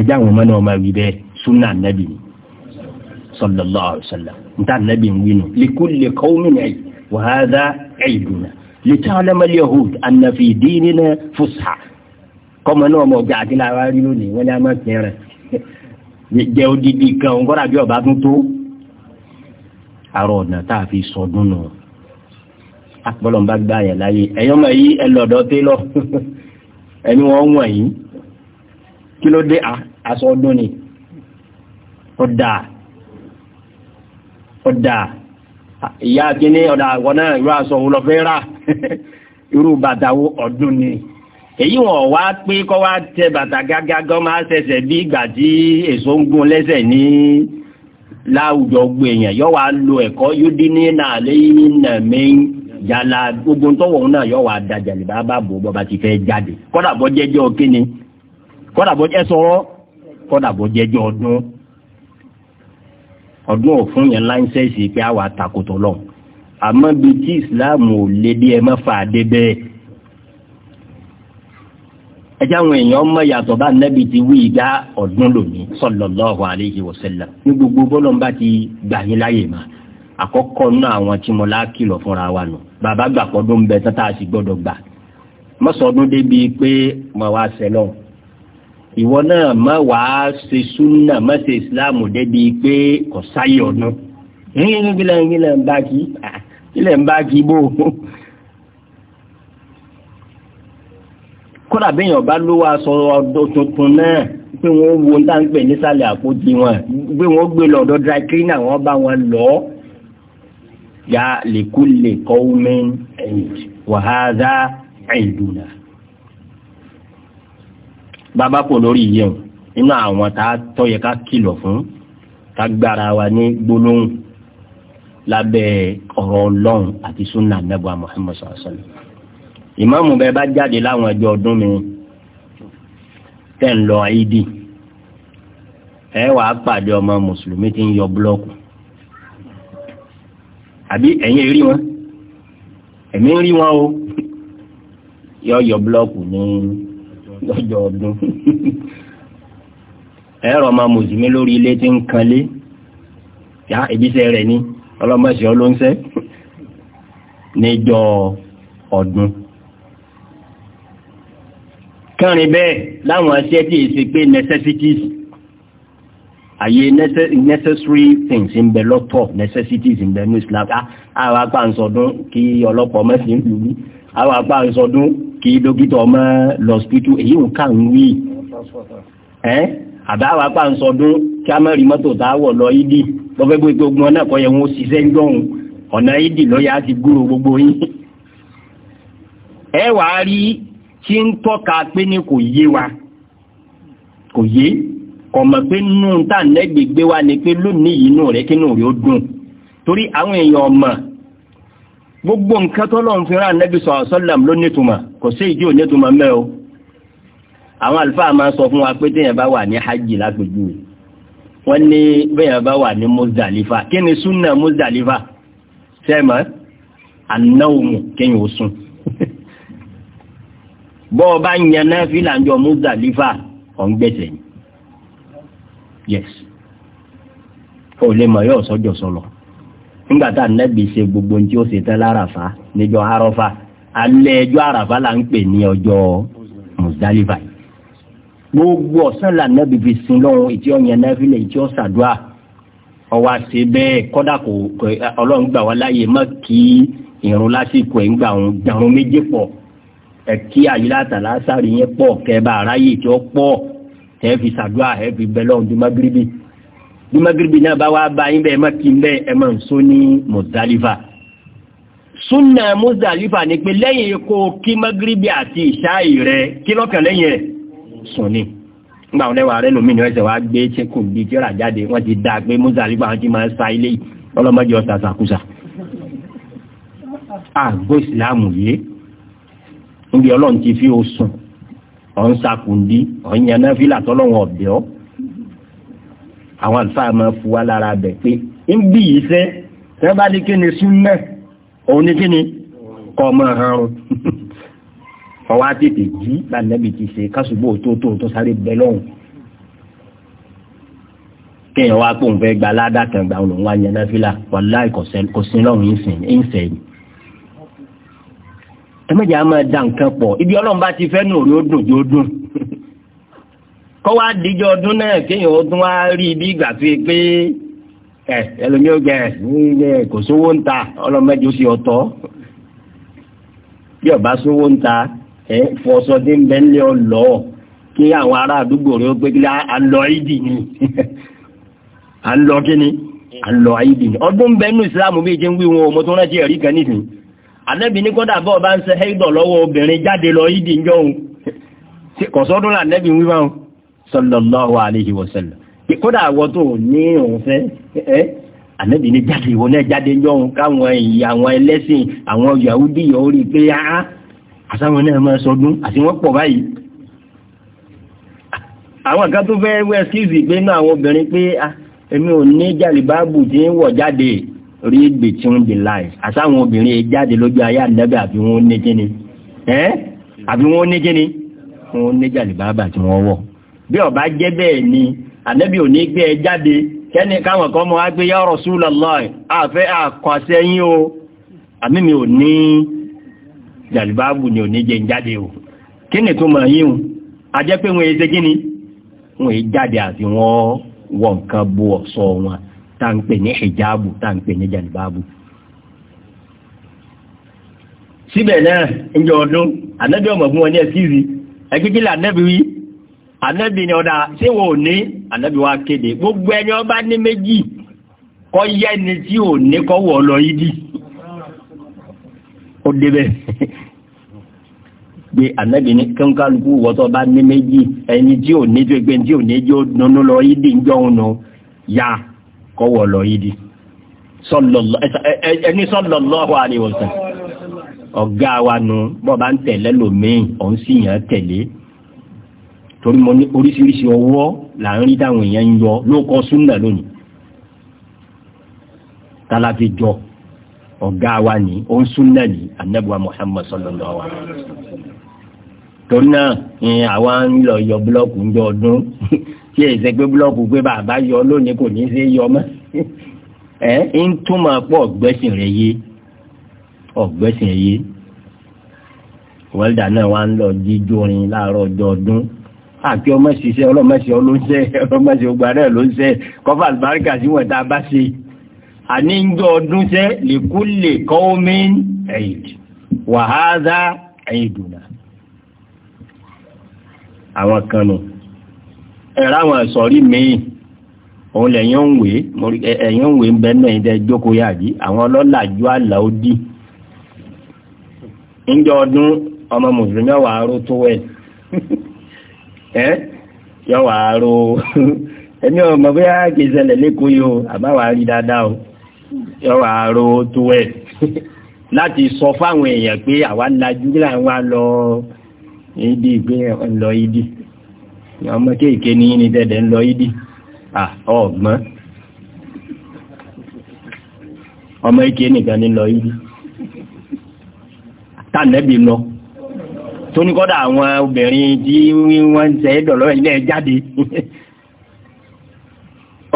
ẹ̀já wọn mọ́ náà máa bẹ́ẹ̀ súnà nẹ́bi sallallahu alaihi wasallam nẹ́bi ń wí nù likulli qawmin wa hadha ẹ̀ẹ́dùnà li kọ́mọ náà ọmọ ọjà àti lára rí lónìí wọ́n ní a máa pín rẹ̀ jẹ odidi kan òun kọ́ra bí ọba tún tó àrò ọ̀nà tá a fi sọdún nù akpọ̀lọ̀ ń bá gbá yẹn láyé ẹ̀yọ́ mọ̀ yí ẹlọ́dọ̀ télọ̀ ẹni wọ́n wọ̀n yìí kí ló dé aṣọ ọdún ni ọ̀dà ọ̀dà ìyá kíní ọ̀dà àwọn náà irú aṣọ òun lọ fẹ́ rà irú bàtà ọdún ni. èyí wọn wá pé kọ́ wá tẹ bàtà gágá gan máa ṣẹ̀ṣẹ̀ bí ìgbà tí èso ń lẹ́sẹ̀ ní láwùjọ gbé yọ wá lo ẹ̀kọ́ yóò dín ní náà lẹ́yìn náà mẹ́yìn jàlá gbogbo tọ́wọ̀ náà yọ wá lè bá bọ́ba ti fẹ́ jáde kọ́dà bọ́ jẹ́jọ́ kíni kọ́dà bọ́ kọ́dà bọ́ jẹ́jọ́ ọdún ọdún òfun yẹn láńsẹ̀sì pé àwa takòtò lọ àmọ́ bíi tí ẹjẹ́ àwọn èèyàn mọ̀ yàtọ̀ bá nẹ́bi ti wí ìdá ọ̀dún lónìí sallallahu alayhi wa sallam ní gbogbo bọ́lọ́mbà ti gbà yín láyè mà àkọ́kọ́ náà àwọn tí mo lá kìlọ̀ fúnra wa nù bàbá gbà pọ́dún bẹ tán tá a sì gbọ́dọ̀ gbà mọ́sọ̀ọ́dún débi pé mo wá sẹ́lọ̀n ìwọ náà má wàá ṣe súnà má ṣe ìsìláàmù débi pé kò sáyé ọdún. ìrìn ìrìn ìgbìlẹ̀ ń bá kí ìgbìlẹ̀ ń bá kí bó kọ́dà bí èèyàn bá lówó aṣọ ọdún tuntun náà pé wọ́n wo ń dáńpẹ̀ nísàlẹ̀ àpótí wọn pé wọ́n gbé lọ́dọ̀ dry cleaner wọ́n bá wọn lọ ya lèkúlè kọ́wọ́mẹ́n wàhálà ẹ̀dùnà bàbá kò lórí yẹn inú àwọn tá a tọ́yẹ ká kìlọ̀ fún ká gbára wa ní gbólóhùn lábẹ́ ọ̀rọ̀ ọlọ́run àti sunna nebà Muhammad sallallahu alaihi ìmáàmù bẹ́ẹ̀ bá jáde láwọn ẹjọ́ ọdún mi tẹ̀ ń lọ ayídì ẹ wàá pàdé ọmọ mùsùlùmí tí ń yọ búlọ́ọ̀kù àbí ẹ̀yin rí wọn ẹ̀mí rí wọn o yọ yọ búlọ́ọ̀kù ní lọ́jọ́ ọdún ẹ rọ ọmọ mùsùlùmí lórí ilé tí ń kanlé yá ìbísẹ̀ rẹ̀ ni ọlọ́mọṣẹ́ ló ń sẹ́ níjọ́ ọdún kán rin bẹ́ẹ̀ láwọn iṣẹ́ tí èsì pé necessities àyè necessary things ń bẹ lọ́tọ̀ necessities ń bẹ ní Islam àwọn apá ń sọdún kí ọlọ́pàá mẹ́sì ń lù mí àwọn apá ń sọdún kí dókítà ọmọ lọ́spítù èyí ò kà ń wí ẹ́ àbá àwọn apá ń sọdún kí a mẹ́rin mọ́tò tá a wọ̀ lọ ìdí lọ́fẹ́ gbogbo ogun ọ̀nà kọ́ yẹ wọn ó ṣiṣẹ́ ń dọ̀hún ọ̀nà ìdí lọ́yà á ti gbúrò gbogbo yín ẹ wàá rí tí ń tọ́ka pé ní kò yé wa kò yé kò mọ̀ pé nínú tá nẹ́gbẹ̀gbẹ́ wa ni pé lónìí yìí nù rẹ̀ kí nù rẹ̀ ó dùn torí àwọn èèyàn mọ̀ gbogbo nǹkan tó lọ́n fi rán anábì sọ̀rọ̀ sọ́làm ló nítumọ̀ kò sí ìdí ò nítumọ̀ mẹ́ o àwọn àlùfáà máa sọ fún wa pé téèyàn bá wà ní hajj lápèjúwe wọ́n ní béèyàn bá wà ní muzdalifa kí ni sunna muzdalifa sẹ́mọ̀ anáwó kéèyàn ó sùn bọ́ ọ bá yan náà fìlànjọ Muzdalifa ọ̀n gbẹ̀sẹ̀ ni yes ó lè mọ̀ yóò sọ́jọ́ sọlọ nígbà tá nẹ́bi ṣe gbogbo ní tí ó ṣe tán láràfà níjọ́ arọ́fà alẹ́ ẹjọ́ àràfà là ń pè ní ọjọ́ gbogbo ọ̀sán là nẹ́bi fi sin lọ́hùn ìtí náà ìtí ọwọ́ àti bẹ́ẹ̀ kọ́dà kò ọlọ́run gbà wá má kí ẹ̀kí àyíláta lásàrí yẹn pọ̀ kẹba àráyè tí ó pọ̀ tẹ́ fi sàdúrà ẹ̀ fi bẹ̀ lọ́wọ́ dùmágíríbì dùmágíríbì náà bá wá bá yín bẹ́ẹ̀ má kí n bẹ́ẹ̀ ẹ̀ máa ń sọ ní mọ̀tálífà súnà mọ̀tálífà ni pé lẹ́yìn kó kí mágíríbì àti ìṣáì rẹ kí lọ́kàn lẹ́yìn ẹ̀ sùn ni nígbà wọn lẹ́wọ̀ ààrẹ lómìnira ẹsẹ̀ wá gbé ṣẹ́kù bíi tíra jáde wọ́n ti dáa pé mọ̀tálífà wọn ti máa sa ilé ọlọ́mọdé ọ̀sà sàkúsà ìsìlámù yìí níbi ọlọ́run ti fi osùn ọ̀n sakùndí ọ̀n yaná fílà tọ́lọ́wọ̀n ọ̀bẹ̀ ọ́ àwọn àlùfáà máa fu wá lára bẹ̀ pé ń bí yìí sẹ́ tẹ́ bá ní kíni súnmọ́ òun ní kíni kọ́ ọmọ ọ̀hún ọwọ́ àtètè jí lànàbì ti ṣe kásùgbò tó tó tó sáré bẹ lọ́hùn kéèyàn wá pòun fẹ́ gba aládàkàngbà òun lòun wá yaná fílà wàláì kò sí lọ́hùn ìsìn ìsìn ẹ má da nǹkan pọ ibi ọlọ́run bá ti fẹ́ nù rí ó dùn jó dùn wá ọdún náà ibi ìgbà fi pé ẹ ẹlòmíì ó gbẹ ẹ kò sówó ń ta bí ọba sówó ń ta ẹ alọ ìdì ni alọ kí alọ ìdì ni ọdún bíi ń wí wọn o ànẹ́bì ní kọ́dà bọ́ bá ń ṣe hẹ́ìdọ̀ lọ́wọ́ obìnrin jáde lọ ìdí ń jọun kọ̀sọ́dún lànẹ́bì wíwá o sallallahu alaihi wasallam kódà àwọ ní òun fẹ́ ẹ́ ànẹ́bì ní jáde ìwọ náà jáde ń jọun káwọn ìyá àwọn ẹlẹ́sìn àwọn yahudi yóò rí pé á àsáwọn náà máa sọdún àti wọ́n pọ̀ báyìí àwọn kan tó fẹ́ wẹ́ skills pé náà àwọn obìnrin pé read between di lines àsáwọn obìnrin jáde lójú ayé ànábì àfi wọn ní kíni ẹ́ àfi wọn ní kíni wọn ní jàlìbábà tí wọ́n wọ̀ bí Ọba bá jẹ́ bẹ́ẹ̀ ni ànábì ò ní gbé ẹ jáde kẹ́ni káwọn kan mọ́ wá gbé àfẹ́ yín mi ò ní ni ò ní jẹ́ kíni wọ́n jáde tá ń ní hijabu tá ń pè ní jalibabu. síbẹ̀ náà ń jẹ ọdún ànábì ọmọ fún wọn ní ẹ̀kíìsì ẹ̀kíkílẹ̀ ànábì wí ànábì ni ọ̀dà ṣé wọn ò ní ànábì wa kéde gbogbo ẹni ọba ní méjì kọ́ yẹ ni tí ò ní kọ́ wọ̀ lọ yìí dì ó débẹ̀ pé ànábì ní kọ́ńkálukú wọ́tọ́ bá ní méjì ẹni tí ò ní tó ẹgbẹ́ tí ò ní jó nínú lọ yìí dì ń jọun nù yá kọ́wọ́ lọ yídi ẹni sallallahu alaihi wasallam ọ̀gá wa nu bọ́ọ̀bá ń tẹ̀lé lòmíì ọ̀n sì yàn tẹ̀lé torí mo ní oríṣiríṣi ọwọ́ là ń rí dáwọn èèyàn ń yọ ló kọ́ súnà lónìí tala fi jọ ọ̀gá wa ni, ó ń súnà ní anábùwà Muhammad sallallahu alaihi wasallam torí náà àwọn ń lọ yọ búlọ́ọ̀kù ń jọ ọdún tí ẹ ṣe gbé búlọ́ọ̀kù pé bàbá yọ lónìí kò ní í ṣe yọ mọ́ ẹ ń túmọ̀ pọ̀ ọ̀gbẹ́sìn rẹ̀ yé ọ̀gbẹ́sìn yé wẹ́lda náà wá ń lọ jíjórin láàárọ̀ ọjọ́ ọdún àti ọmọ ṣiṣẹ́ ọlọ́mọṣẹ́ olóṣẹ́ ọlọ́mọṣẹ́ ogun ààrẹ ló ń ṣe kọ́fà àlùbáríkà sí wọn tá a bá ṣe àní ọdún ṣẹ́ lèkúlè kọ́ọ́mìn ẹ̀yìn wàhálà ẹ̀yìn dùnà àwọn kan nù ẹ̀rá àwọn ẹ̀sọ̀rí míì òun lẹ̀yìn ń wé ẹ̀yìn ń wé ń bẹ́ náà ìdẹ́ jókòó yàbí àwọn ọlọ́lá ju àlà ó dì ńjọ ọdún ọmọ mùsùlùmí ọwà aró tó wẹ̀ ẹ́ yọwà aró ẹni ọmọ bí a kì í ṣẹlẹ̀ lẹ́kọ̀ọ́ yìí o rí dáadáa o yọwà aró tó wẹ̀ láti sọ fáwọn èèyàn pé àwa lajú láwọn lọ ìdí ìgbé ńlọ ìdí ọmọ kéèké ní ní dẹ́dẹ̀ ń lọ ìdí ọgbọ́n ọmọ ike nìkan ní lọ ìdí tànẹ́bì lọ tó ní kọ́dà àwọn obìnrin tí wọ́n ń tẹ́ ìdọ̀lọ́ ilẹ̀ jáde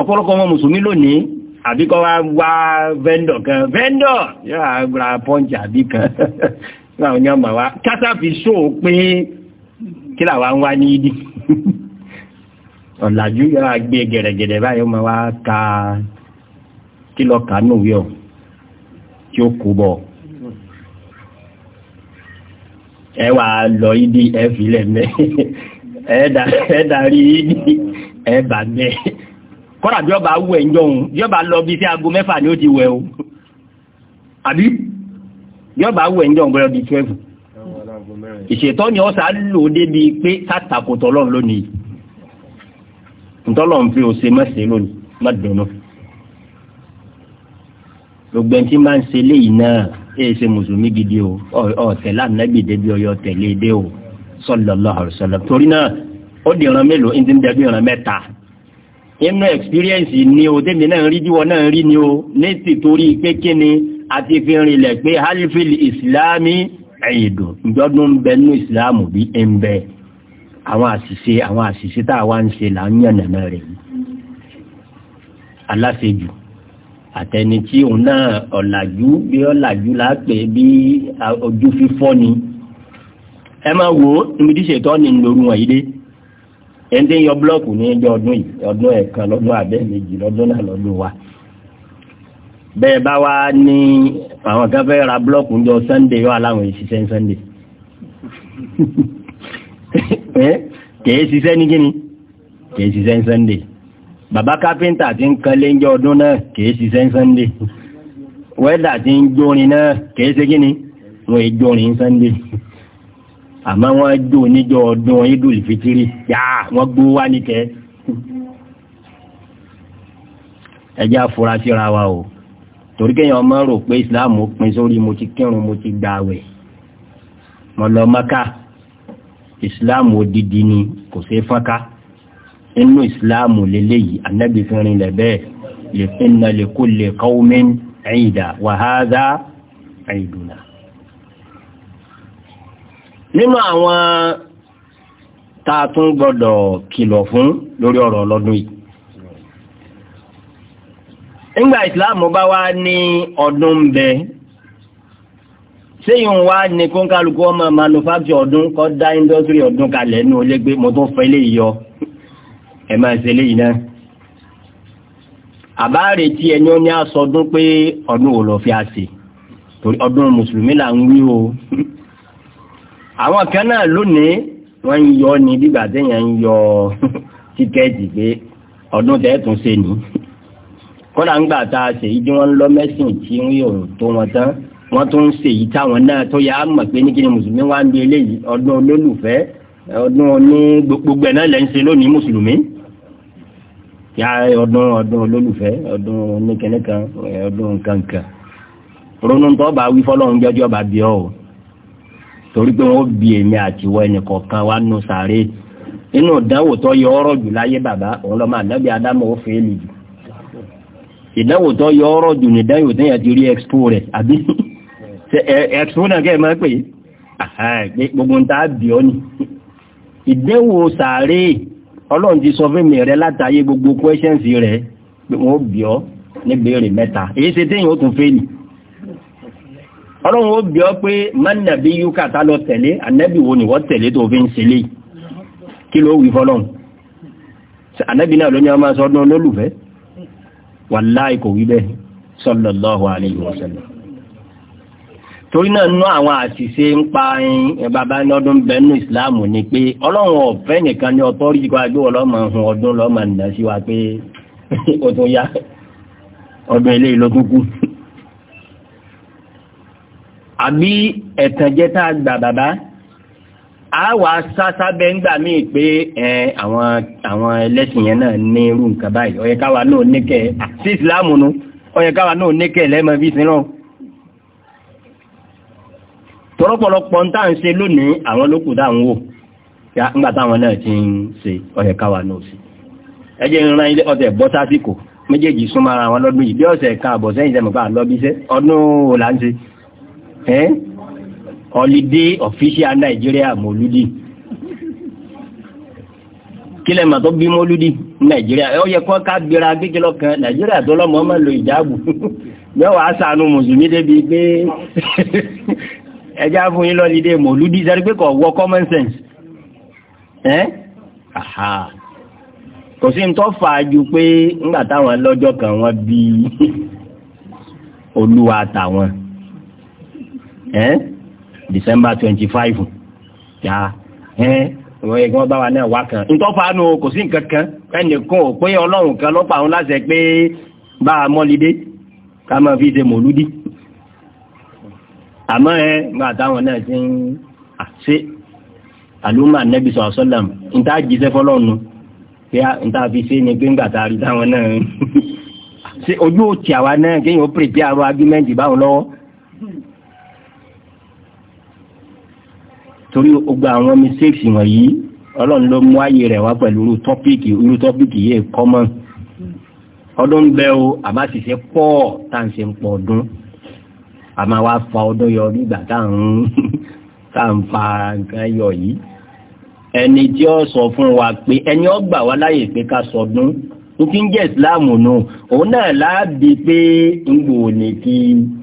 ọ̀pọ̀lọpọ̀ ọmọ mùsùlùmí lónìí àbí kọ́ wá wá vendor kan vendor yóò ra pọ́ǹchì àbí kan láwọn yóò mọ̀ wá kásá fi ṣó pé kí làwọn wá ní ìdí ọ̀làjú yóò gbé gẹ̀rẹ́gẹ̀rẹ́ báyìí ó máa wá ka kí lọ kà nù yọ tí ó kú bọ̀ ẹ wà lọ ìdí ẹ filẹ̀ mẹ́ ẹ darí ìdí ẹ bà mẹ́ kọ́ra bí ọba wẹ̀ ń jọun bí ọba lọ bí sí aago mẹ́fà ni ó ti wẹ̀ o àbí bí ọba wẹ̀ ń jọun bọ́lá bíi twelve ìṣètọ́ ni ọ̀sà lò débi pé sátàkùtọ̀ ọlọ́run lónìí ntọ́lọ̀ ń fi òsè mẹ́sẹ̀ lónìí má dùnú. gbogbo ẹni tí máa ń ṣe léyìí náà èyí ṣe mùsùlùmí gidi o ọ̀tẹ̀ lánàgbè débi ọyọ tẹ̀lé dé o sallallahu alaihi torí náà ó di ìran mélòó ẹni tí ń dẹbi ìran mẹ́ta inú experience ni o débi náà rí bí wọn náà rí ni o ní ti torí pé kí ni àti fi rinlẹ̀ pé halifil islami ẹ̀yìn dùn ìjọdún ń bẹ nínú ìsìlámù bí ń bẹ́ẹ̀ àwọn àṣìṣe àwọn àṣìṣe tá a wá ń ṣe là ń yàn nàná rẹ̀ yìí aláṣejù àtẹni tí òun náà ọ̀làjú bí ọ̀làjú là á pè bí ojú fífọ́ ni ẹ máa wò ó níbi tí ṣètọ́ ni lóru wọn yìí dé ẹni tí ń yọ búlọ́ọ̀kù ní ẹjọ́ ọdún yìí ọdún ẹ̀kan lọ́dún abẹ́ méjì lọ́dún náà lọ́dún wa bẹ́ẹ̀ bá wá ní àwọn kan fẹ́ ra búlọ́ọ̀kù ń jọ sunday yọ aláwọn èsì sẹ́ńsọ́ndé kèé ṣiṣẹ́ ní gíní kèé ṣiṣẹ́ ní sunday bàbá kápẹ́ntà ti ń kan léńjẹ ọdún náà kèé ṣiṣẹ́ ní sunday wẹ́dà ti ń jórin náà kèé ṣe gíní wọ́n ìjórin ní sunday àmọ́ wọ́n jó níjọ ọdún idul fitiri yáà wọ́n gbó wá níkẹ́ ẹjẹ́ afurasí ra wa o torí kéèyàn ọmọ rò pé islam pin sórí mo ti kírun mo ti gbààwẹ̀ mo lọ mọ́ká ìsìláàmù odidi ni kò sí fọ́nká inú ìsìláàmù lélẹ́yìí anábì fi rin lẹ́bẹ́ lè finna lè kó lè qawmin ẹ̀yìdà wàhálà ẹ̀yìdùnà. nínú àwọn tá a tún gbọ́dọ̀ kìlọ̀ fún lórí ọ̀rọ̀ ọlọ́dún yìí nígbà ìsìláàmù bá wá ní ọdún bẹ́ẹ̀ sẹ́yìn wá ní kó ń kálukú ọmọ manufacture ọdún kọ́ dá industry ọdún kalẹ̀ ní olé gbé mo tó fẹ́ lè yọ ẹ máa ṣe lè iná àbáàrè tí ẹni ó ní àsọdún pé ọdún wò lọ fi àṣì torí ọdún mùsùlùmí là ń wí o àwọn kan náà lónìí wọ́n ń yọ ní bígbà téèyàn ń yọ tíkẹ́ẹ̀tì pé ọdún tẹ́ẹ̀tún ṣe ní kódà ń gbà tá a ṣèyí tí wọ́n lọ mẹ́sìn tí ń rí òun tó wọn tán wọ́n tún ń ṣèyí táwọn náà tó yà á mọ̀ pé ní kí ni mùsùlùmí wá ń bí eléyìí ọdún olólùfẹ́ ọdún oní gbogbo ẹ̀ náà lẹ́ ń ṣe lónìí mùsùlùmí yà ọdún ọdún olólùfẹ́ ọdún oníkẹ́nìkan ọdún kankan ronú tó bá wí fọlọ́run jọjọ́ bá bí ọ o torí pé wọ́n bí èmi àtiwọ ẹnìkọ̀ọ̀kan wa nù sàárè inú ìdánwò tó yọ ọ̀rọ̀ jù láyé bàbá òun lọ́mọ ànábì adámọ̀ ó fẹ́ẹ́ lù jù ìdánwò tó yọ ọ̀rọ̀ jù nìdánwò tó yẹ ti rí expo rẹ̀ àbí ẹ̀tún náà kẹ́ máa pè é gbogbo ń ta bí ọ ni ìdẹ́wò sàárè ọlọ́run ti sọ fún mi rẹ látàyè gbogbo questions rẹ pé wọ́n bí ọ ní béèrè mẹ́ta èyí ṣe téèyàn ó tún fẹ́ nì ọlọ́run ó bí ọ pé mánàbí yúkà tá lọ tẹ̀lé ànábì wo ni wọ́n tẹ̀lé tó fi ń ṣe lé kí ló wí fọlọ́run ànábì náà ló ní ọmọ sọdún olólùfẹ́ wàláì kò wí bẹ́ẹ̀ sallallahu alaihi wasallam torí náà nú àwọn àṣìṣe ń pa bàbá ní ọdún bẹ́ẹ̀nù ìsìláàmù ni pé ọlọ́run ọ̀fẹ́ nìkan ní ọtọ́ rí wájú ọlọ́mọ ohun ọdún lọ́mọ nìdá sí wa pé ó tún yá ọdún ilé ló tún kú. àbí ẹ̀tànjẹ tá a gbà bàbá a wà sáṣá bẹ́ẹ̀ ńgbà míì pé àwọn ẹlẹ́sìn yẹn náà ní irú nǹkan báyìí ó yẹ káwa náà ah, sí ìsìláàmù nu ó yẹ káwa náà níkẹ́ lẹ́mọ sinú. tọ́rọpọ̀lọpọ̀ ń tà ń ṣe lónìí àwọn lókù dáhùn wò nígbà táwọn náà ti ń ṣe ọ̀yẹ̀ káwa náà sí ẹjẹ́ ìran ilé ọ̀tẹ̀ bọ́ méjèèjì súnmọ́ wọn lọ́dún yìí bí ọ̀sẹ̀ kan àbọ̀ sẹ́yìn sẹ́mi pa lọ́bíṣẹ́ ọdún òlàǹṣe ẹ́ ọlídé ọ̀fíṣíà nàìjíríà mọ̀lúdì kílẹ̀ mà bí mọ́lúdì nàìjíríà ó yẹ kó ká gbéra ẹjá fún yín lọ́lídé mọ̀lúdí sẹ́rí pé wọ common sense ẹ́ àhà kò sí ń tọ́ fàájú pé ńgbà táwọn lọ́jọ́ kan wọ́n bí olúwa tàwọn ẹ́ December twenty five ya ẹ́ wọ́n yẹ kí wọ́n bá wa náà wá kan ń tọ́ fàánù kò sí nǹkan kan ẹnìkan ò pé ọlọ́run kan lọ́pàá òun láṣẹ pé bá a mọ́lídé ká máa fi ṣe mọ̀lúdí àmọ́ ẹ nígbà táwọn náà ti ń àṣẹ àlùmọ́ ànẹ́bí sọ̀rọ̀ sọ́làm níta jíṣẹ́ fọlọ́nu pé níta fi ṣe ni pé nígbà tá a rí táwọn náà ṣe ojú òtí àwa náà kéèyàn ó pèpè àrò agímẹ́ǹtì báwọn lọ́wọ́. torí gbogbo àwọn mistakes wọ̀nyí ọlọ́run ló mú ayé rẹ̀ wá pẹ̀lú irú tọ́píìkì irú tọ́píìkì yìí kọ́mọ́ ọdún bẹ́ẹ̀ o àbáṣiṣẹ́ pọ̀ tá à ń ṣe ń pọ̀ ọdún a máa wá fa ọdún yọ nígbà tá à ń fa nǹkan yọ yìí ẹni tí ó sọ fún wa pé ẹni ó gbà wá láyè pé ká sọdún n ti ń jẹ́ ìsìláàmù nù òun náà láàbí pé ń gbò ní kí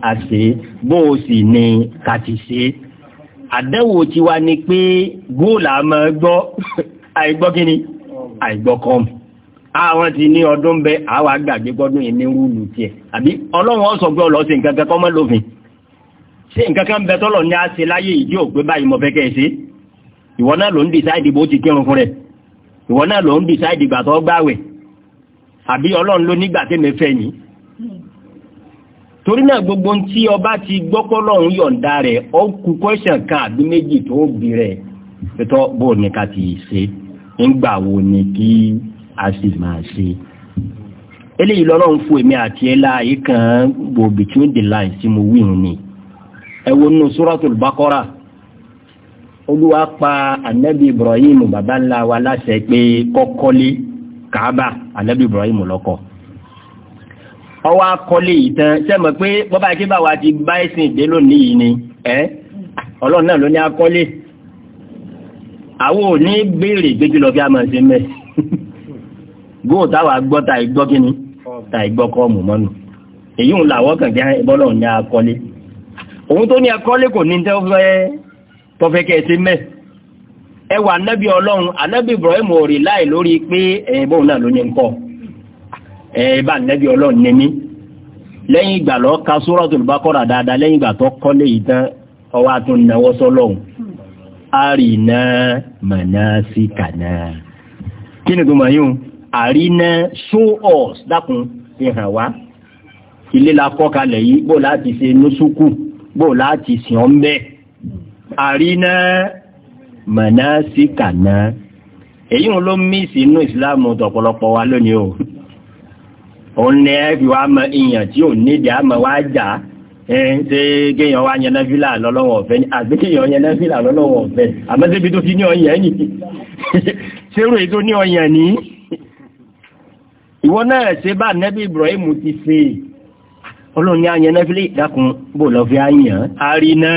a ṣe bó o sì ní ká ti ṣe àdẹ́wò tiwa ni pé góòlù àmọ́ gbọ́ àìgbọ́ kí ni àìgbọ́ kọ́m àwọn ti ní ọdún bẹ àwọn àgbàgbé gbọ́dún yìí ní rúùlù tiẹ̀ àbí ọlọ́run ọ̀sọ̀gbẹ́ ọlọ́sìn kankan kọ́mọ́ lófin ṣé nǹkan kan bẹ tọ́lọ̀ ní a ṣe láyé ìdí òpé báyìí mo fẹ́ kẹ́ ẹ ṣe ìwọ náà ló ń dìsáìdì bó ti kírun fún rẹ̀ ìwọ náà ló ń dìsáìdì gbà tó gbàwẹ̀ àbí ọlọ́run ló nígbà tẹ́mi fẹ́ yìí torí náà gbogbo ń tí ọba ti gbọ́pọ́ lọ́run yọ̀ǹda rẹ̀ ó kú kọ́ṣàn kan àbí méjì tó bì rẹ̀ pẹ̀tọ́ bó ní ká ti ṣe ńgbà wo ni kí a sì máa ṣe eléyìí lọ́lọ́run fún èmi àti ẹ̀ láàyè kan gbòòbì tí ó dè láì mo wí ni ẹ̀wò nù suratul Baqara olúwa pa anabi Ibrahim baba ńlá wa láṣẹ pé kọ́kọ́lé Kaaba anabi Ibrahim lọ́kọ́ ọwọ́ akọ́lé yìí tán sẹ́mi pé bọ́bá kí bá wa ti bá ẹ̀sìn ìdè lónìí yìí ni ẹ́ ọlọ́run náà ló ní akọ́lé àwọn ò ní béèrè gbégbé lọ bí a máa ṣe mẹ́ góò táwa gbọ́ ta ìgbọ́ kí ta ìgbọ́ kọ́ mọ̀ èyí ń làwọ́ kàn kí bọ́lọ̀ ní akọ́lé òun tó ní ẹkọ́ lè kò ní tẹ́fẹ́ tọ́fẹ́ kẹsí mẹ́ ẹwà anábì ọlọ́run anábì Ibrahim òrì láì lórí pé ẹ̀bọ́n náà ló ní ń kọ́ ẹ̀bá anábì ọlọ́run ní mí lẹ́yìn ìgbà lọ ka Suratul Baqara dáadáa lẹ́yìn ìgbà tó kọ́ lè tán ọwọ́ àtún náwó sọ́lọ́run àrìnà mọ̀nàsíkànà kí ni gbọmọ yìí àrìnà show us dákun fi hàn wá ilé la kọ́ kalẹ̀ yìí bó láti ṣe nósùkù. No bó láti sìn ọ́n bẹ́ẹ̀ àríná mọ̀nà sí kàná èyí ló mí sí inú ìsìláàmù tọ̀pọ̀lọpọ̀ wa lónìí o òun ni ẹ fi wá mọ ìyàn tí ò nídìí àmọ́ wá jà ẹ kéèyàn wá yẹn náfìlà lọ́lọ́wọ́ ọ̀fẹ́ ni àbí kéèyàn yẹn náfìlà lọ́lọ́wọ́ ọ̀fẹ́ àmọ́ síbi tó fi ní ọyàn ni ṣérò èyí tó ní ọyàn ni ìwọ náà ṣe bá nẹ́bí Ibrahim ti ṣe ọlọ́run ní àyàn náfílì dákun bò lọ fi àyàn àríná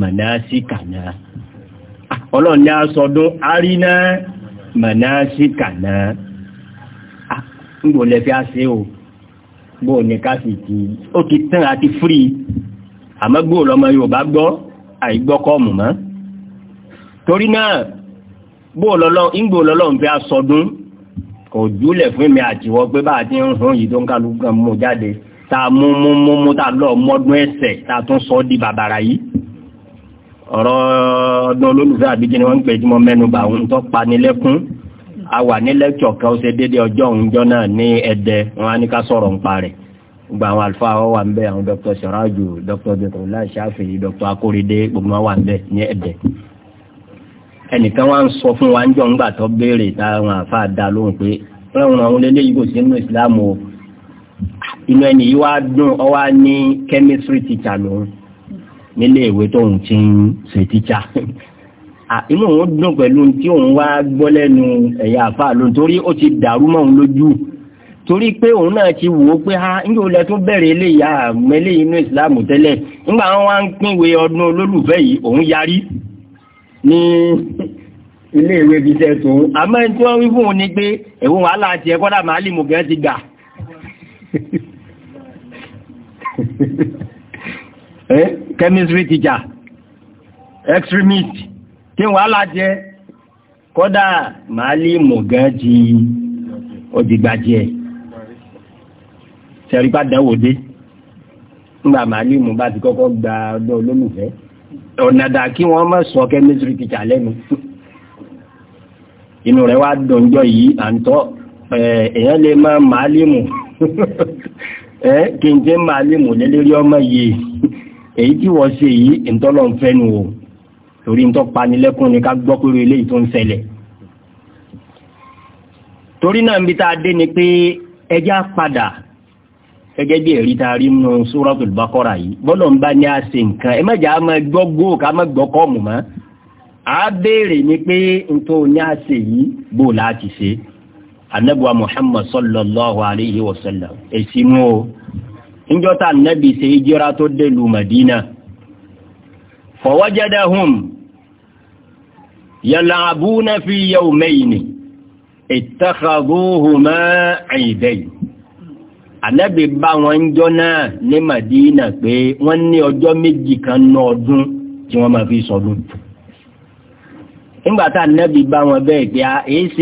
mọ̀násíkàná ọlọ́run ní asọdún àríná mọ̀násíkàná gbòlẹ̀ fi àṣẹ o gbò ní ká sì ti ó ti tán àti fúri àmọ́ gbò lọ́mọ Yorùbá gbọ́ àìgbọ́kọ́ mù mọ́ torí náà gbò lọ́lọ́ ìgbò lọ́lọ́run fi àsọdún kò júlẹ̀ fún mi àtiwọ́ pé bá a ti ń hun yìí tó ń kálukú kan mú jáde tá a mú mú mú mú tá a lọ mọ́dún ẹ̀sẹ̀ tá a tún sọ di bàbàrà yìí ọ̀rọ̀ ọdún olólùfẹ́ àbíkí ni wọ́n ń pè tí mo ń tọ́ pa ní a wà ní lẹ́kṣọ̀ kan ó ṣe déédé ọjọ́ òunjọ́ náà ní ẹ̀dẹ wọn á ní ká sọ̀rọ̀ ń parẹ̀ gbogbo àwọn àlùfáà wọn wà ń bẹ àwọn dr siraju dr dẹkùnlá ṣáfì dr akóredé gbogbo wọn wà ń bẹ ní ẹ̀dẹ ẹnìkan wá ń sọ fún wa ń jọ ńgbà tó béèrè táwọn àfa dá lóhùn pé ọlọ́run àwọn eléyìí kò sí nínú ìsìlámù o inú ẹni yìí wá dùn ọ wá ní chemistry teacher lòun nílé ti ń ṣe teacher inú òun dùn pẹ̀lú tí òun wá gbọ́ lẹ́nu ẹ̀yà àfa lòun torí ó ti dàrú mọ́ òun lójú torí pé òun náà ti wò ó pé ha yóò lẹ tún bẹ̀rẹ̀ eléyà mẹ́lẹ́ inú Islam tẹ́lẹ̀ nígbà wọn wá ń ọdún olólùfẹ́ yìí òun yarí ní ilé ìwé bíi sẹ́tùn àmọ́ ẹni tí wọ́n wí fún òun ni pé ẹ̀wọ̀n wàhálà àti ẹ̀kọ́ dà máa Eh, chemistry teacher extremist kí wọ́n alájẹ́ kódà máa lè mọ̀ gan jí ọdìgbàjẹ́ ṣẹ̀rípá dánwòdé nígbà máa lè mọ̀ bá ti kọ́kọ́ gba ọdọ́ olólùfẹ́ ọ̀nàdà kí wọ́n mọ̀ sọ chemistry teacher lẹ́nu inú rẹ̀ wá dọ̀njọ́ yìí eh, èèyàn lè máa máa lè ẹ́ kí n jẹ́ máa lè mò lélẹ́rí ọmọ yìí èyí tí wọ́n ṣe yìí ìtọ́lọ̀ ń fẹ́nu o torí ń panilẹ́kùn ni ká gbọ́ pẹ̀lú eléyìí tó ń torí náà ń bi tá a dé ni pé ẹjá padà gẹ́gẹ́ bí ẹ̀rí tá a rí nínú Suratul Baqara yìí bọ́lọ̀ ń bá ní a ṣe nǹkan ẹ mẹ́jà á máa gbọ́ gbó ká má gbọ́ kọ́ mù mọ́ a béèrè ni pé n tó ní a ṣe yìí bó láti ṣe anabiwa muhammad sallallahu alayhi wa sallam èsì mú o níjọ́ta anabi ṣe ìjírá tó dé lu madina fọwọ́jẹ́dẹ́hùn yàlàbúnà fi yawmayni ìtàkàgóhùnmá àìbẹ̀yì anabi bá wọn jọ náà ní madina pé wọ́n ní ọjọ́ méjì kan náà ọdún tí wọ́n máa fi sọdún nígbàtà anabi bá wọn bẹ́ẹ̀ pé a èé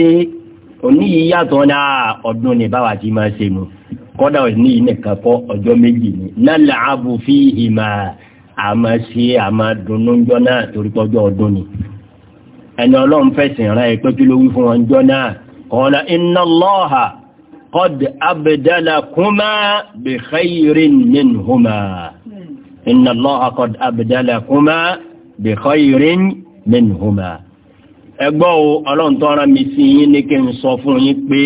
òní yìí yàtọ̀ ní ọdún ní báwa ti máa ṣe mu kọ́dà òní yìí nìkan kọ́ ọjọ́ méjì ni lálẹ́ ààbò fi ìmà àmà ṣe àmà dunnújọ́ náà torí pọ́jọ́ ọdún ni ẹni ọlọ́run fẹ̀sìn rán ẹ pé kí ló wí fún wọn jọ náà kọ́lá inna Allaha qad abdalakuma bi khayrin minhuma inna Allaha qad abdalakuma bi khayrin minhuma ẹgbọ́ o ọlọ́run tó rán mi sí yín ní kí n sọ fún yín pé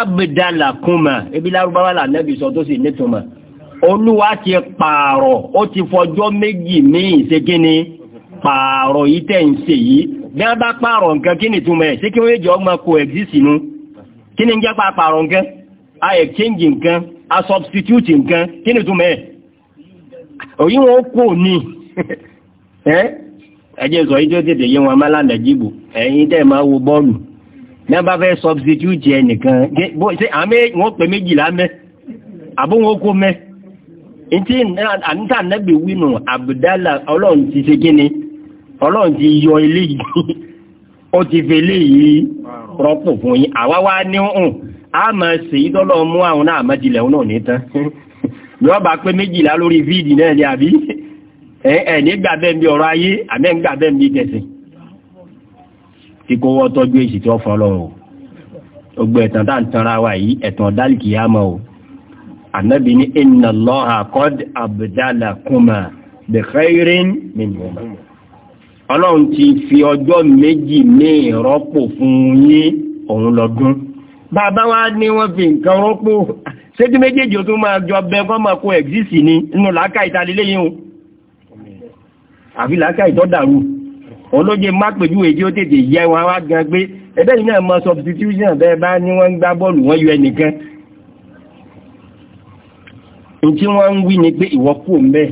abdalakuma ebi lárúbáwá là nẹ́bí sọ tó sì nítumọ̀ olúwa ti pààrọ̀ ó ti fọjọ́ méjì míì ṣe kí ni pààrọ̀ yìí tẹ̀ ń ṣe yìí bí wọ́n bá pààrọ̀ nǹkan kí ni túmọ̀ ẹ̀ ṣé kí wọ́n yé jọ ọgbà kò ẹ̀gísì nu kí ni ń jẹ́ pa pààrọ̀ nǹkan a exchange nǹkan a substitute nǹkan kí ni túmọ̀ ẹ̀ òyìn wọn kò ní ẹ́ ẹjẹ́ sọ yí tó tètè yé wọn mọ́lá nàìjíríà ẹ̀yin tẹ́ máa wo bọ́ọ̀lù ní bá fẹ́ substitute ẹnìkan ṣe àmì wọn pè méjìlá mẹ́ àbó wọn kó mẹ́ ntí àníta nẹ́bì wínú àbùdálà ọlọ́run ti ṣe kíni ọlọ́run ti yọ ilé yìí ó ti fi ilé yìí rọ́pò fún yín àwa wá ní hùn a máa ṣe ìdọ́lọ́ mú àwọn náà àmọ́jìlẹ̀ òun náà ní tán yọba pé méjìlá lórí fíìdì náà ni àbí ẹ̀ nígbà bẹ́ẹ̀ bí ọ̀rọ̀ ayé àmẹ́ ń gbà bẹ́ẹ̀ bí tẹ̀sìn tí kò wọ́n tọ́jú èsì tí wọ́n fọ́ lọ́wọ́ gbogbo ẹ̀tàn tá ń tanra wa yìí ẹ̀tàn dálìkì yá mọ́ o ànábì ní inna Allaha qad abdalakuma bi khairin minhuma ọlọ́run ti fi ọjọ́ méjì ní ìrọ́pò fún yín òun lọ́dún bàbá wa ní wọ́n fi nǹkan rọ́pò ṣé tí méjèèjì ó tún máa jọ bẹ́ẹ̀ kọ́ máa kó ẹ̀gísì ni nínú làákà ìtàlélẹ́yìn o àfi làákà ìtọ́dàrú olóje má pèjú èjì ó tètè yẹ wọn wá gan gbé ẹgbẹ́ yìí náà mọ substitution bẹ́ẹ̀ bá ní wọn ń gbá bọ́ọ̀lù wọ́n yọ ẹnìkan n tí ń wí ni pé ń bẹ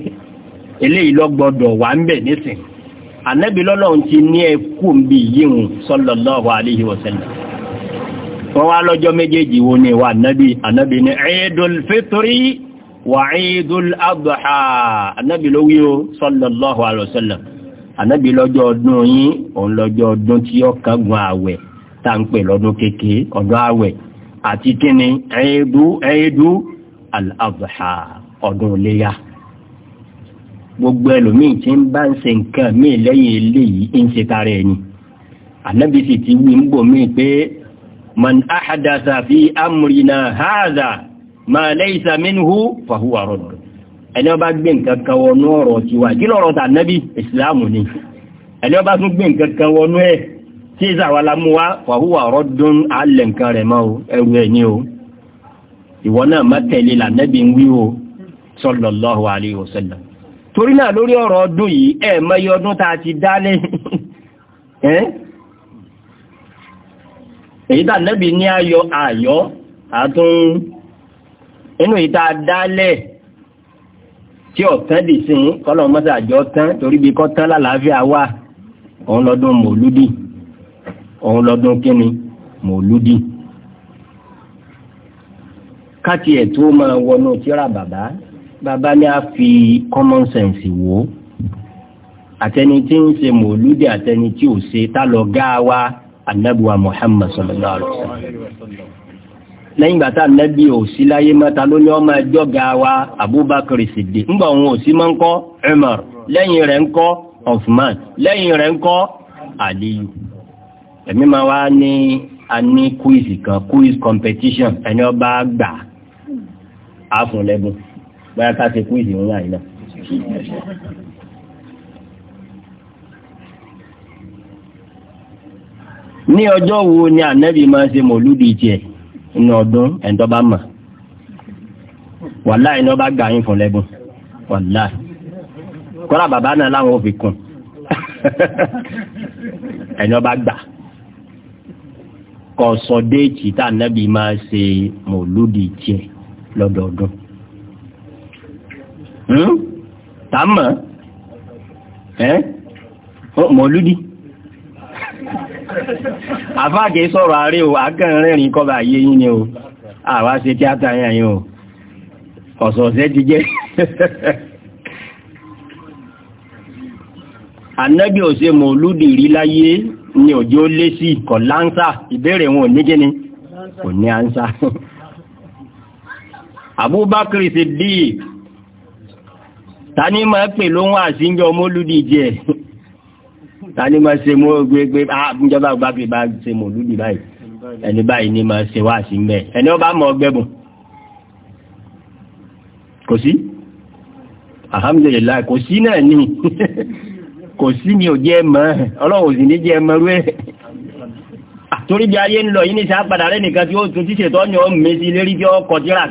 eléyìí lọ wà ń bẹ nísìn ànábì ti ní ẹ kú ń bí wá méjèèjì wo ni wà wàcídùl adùhà anábì Anabi wí o sallallahu alayhi wa sallam anábì lọ́jọ́ ọdún yín òun ọdún tí ó kángun àwẹ̀ tá n pè lọ́dún kékeré ọdún àwẹ̀ àti kíni ẹ̀ẹ́dù al ọdún léyà gbogbo ẹlòmíì tí ń bá ń nǹkan míì tara ẹni ti wí ń bò míì pé man ahadasa fi haza ma laysa minhu fa huwa radd ẹni ó bá gbé nǹkan kan wọnú ọ̀rọ̀ tiwa kí lọ́rọ̀ tà nẹ́bí ìsìláàmù ni ẹni ó bá tún gbé nǹkan kan wọnú ẹ̀ tí ìsàwàlámúwá fa huwa raddun alẹ́ nǹkan rẹ̀ mọ́ ẹrù ẹ̀ ní o ìwọ náà má tẹ̀lé là nẹ́bí ń wí o sallallahu alayhi wa torí náà lórí ọ̀rọ̀ ọdún yìí ẹ̀ mẹ́yẹ ọdún tá a ti dálé èyí tà nẹ́bí ní ayọ̀ àyọ̀ àtún inú ìta dálẹ̀ tí ọ̀tán dì sí kọ́lọ̀ mọ́sà àjọ tán torí bí kọ́ tán lálàáfíà wà òun lọ́dún mòlúdì òun lọ́dún kíni mòlúdì káti ẹ̀ tó máa wọnú tíra bàbá bàbá ní a fi common sense wò ó àtẹni tí ń ṣe mòlúdì àtẹni tí ò ṣe tá lọ gáwa anabuwa Muhammad sallallahu alaihi wa sallam lẹ́yìn ìgbà tá nẹ́bí ò sí láyé mẹ́ta ló ní ọmọ ẹjọ́ ga wa Abubakar Siddiq ńgbà òun ò sí mọ́ ń kọ́ Umar lẹ́yìn rẹ̀ ń kọ́ Uthman lẹ́yìn rẹ̀ ń kọ́ Aliyu ẹ̀mí máa wá ní a ní quiz kan quiz competition ẹni ọba gbà á fún lẹ́bùn bóyá ká ṣe quiz ìwọ̀n láyé náà. ní ọjọ́ wo ni ànẹ́bí máa ṣe mọ̀lúdì tiẹ̀ inú ọdún ẹ̀ńtọ́ bá mọ̀ wàláì náà bá gbà yín fún lẹ́gùn wàláì kọ́lá bàbá náà láwọn òfin kùn ẹ̀ńtọ́ bá gbà kọ sọ déètì tá ànábì máa ṣe mòlúdì tiẹ̀ lọ́dọọdún hmm? tá a mọ̀ ẹ́ mòlúdì. Hmm? àfáàkì sọ̀rọ̀ ààrẹ o àkàn kọba ayé yìí ni o àwa ṣe tíátà yẹn o ọ̀sọ̀ọ̀sẹ̀ ti jẹ́ anábì ò ṣe mọ̀ olúdìrí láyé ni òjò lé sí kọ̀ láńsà ìbéèrè wọn ní kíni kò ní ta ní máa pè lóhun àṣíjọ mọ́lúdìí jẹ́ tani máa ṣe mú gbégbé àbújọba gbàgbé bá ṣe mọ̀ lùdì báyìí ẹni báyìí ni máa ṣe wá sí mbẹ ẹni ọba mọ ọgbẹ́bùn kò sí alhamdulilayi kò sí náà ni kò sí ni ò jẹ́ mọ́ ọlọ́run ò sì ní jẹ́ mọ́ rẹ̀ torí bí ayé ń lọ yìí ní sáà padà nìkan tí ó tún tíṣètọ́ ni ó mèsì lérí tí ó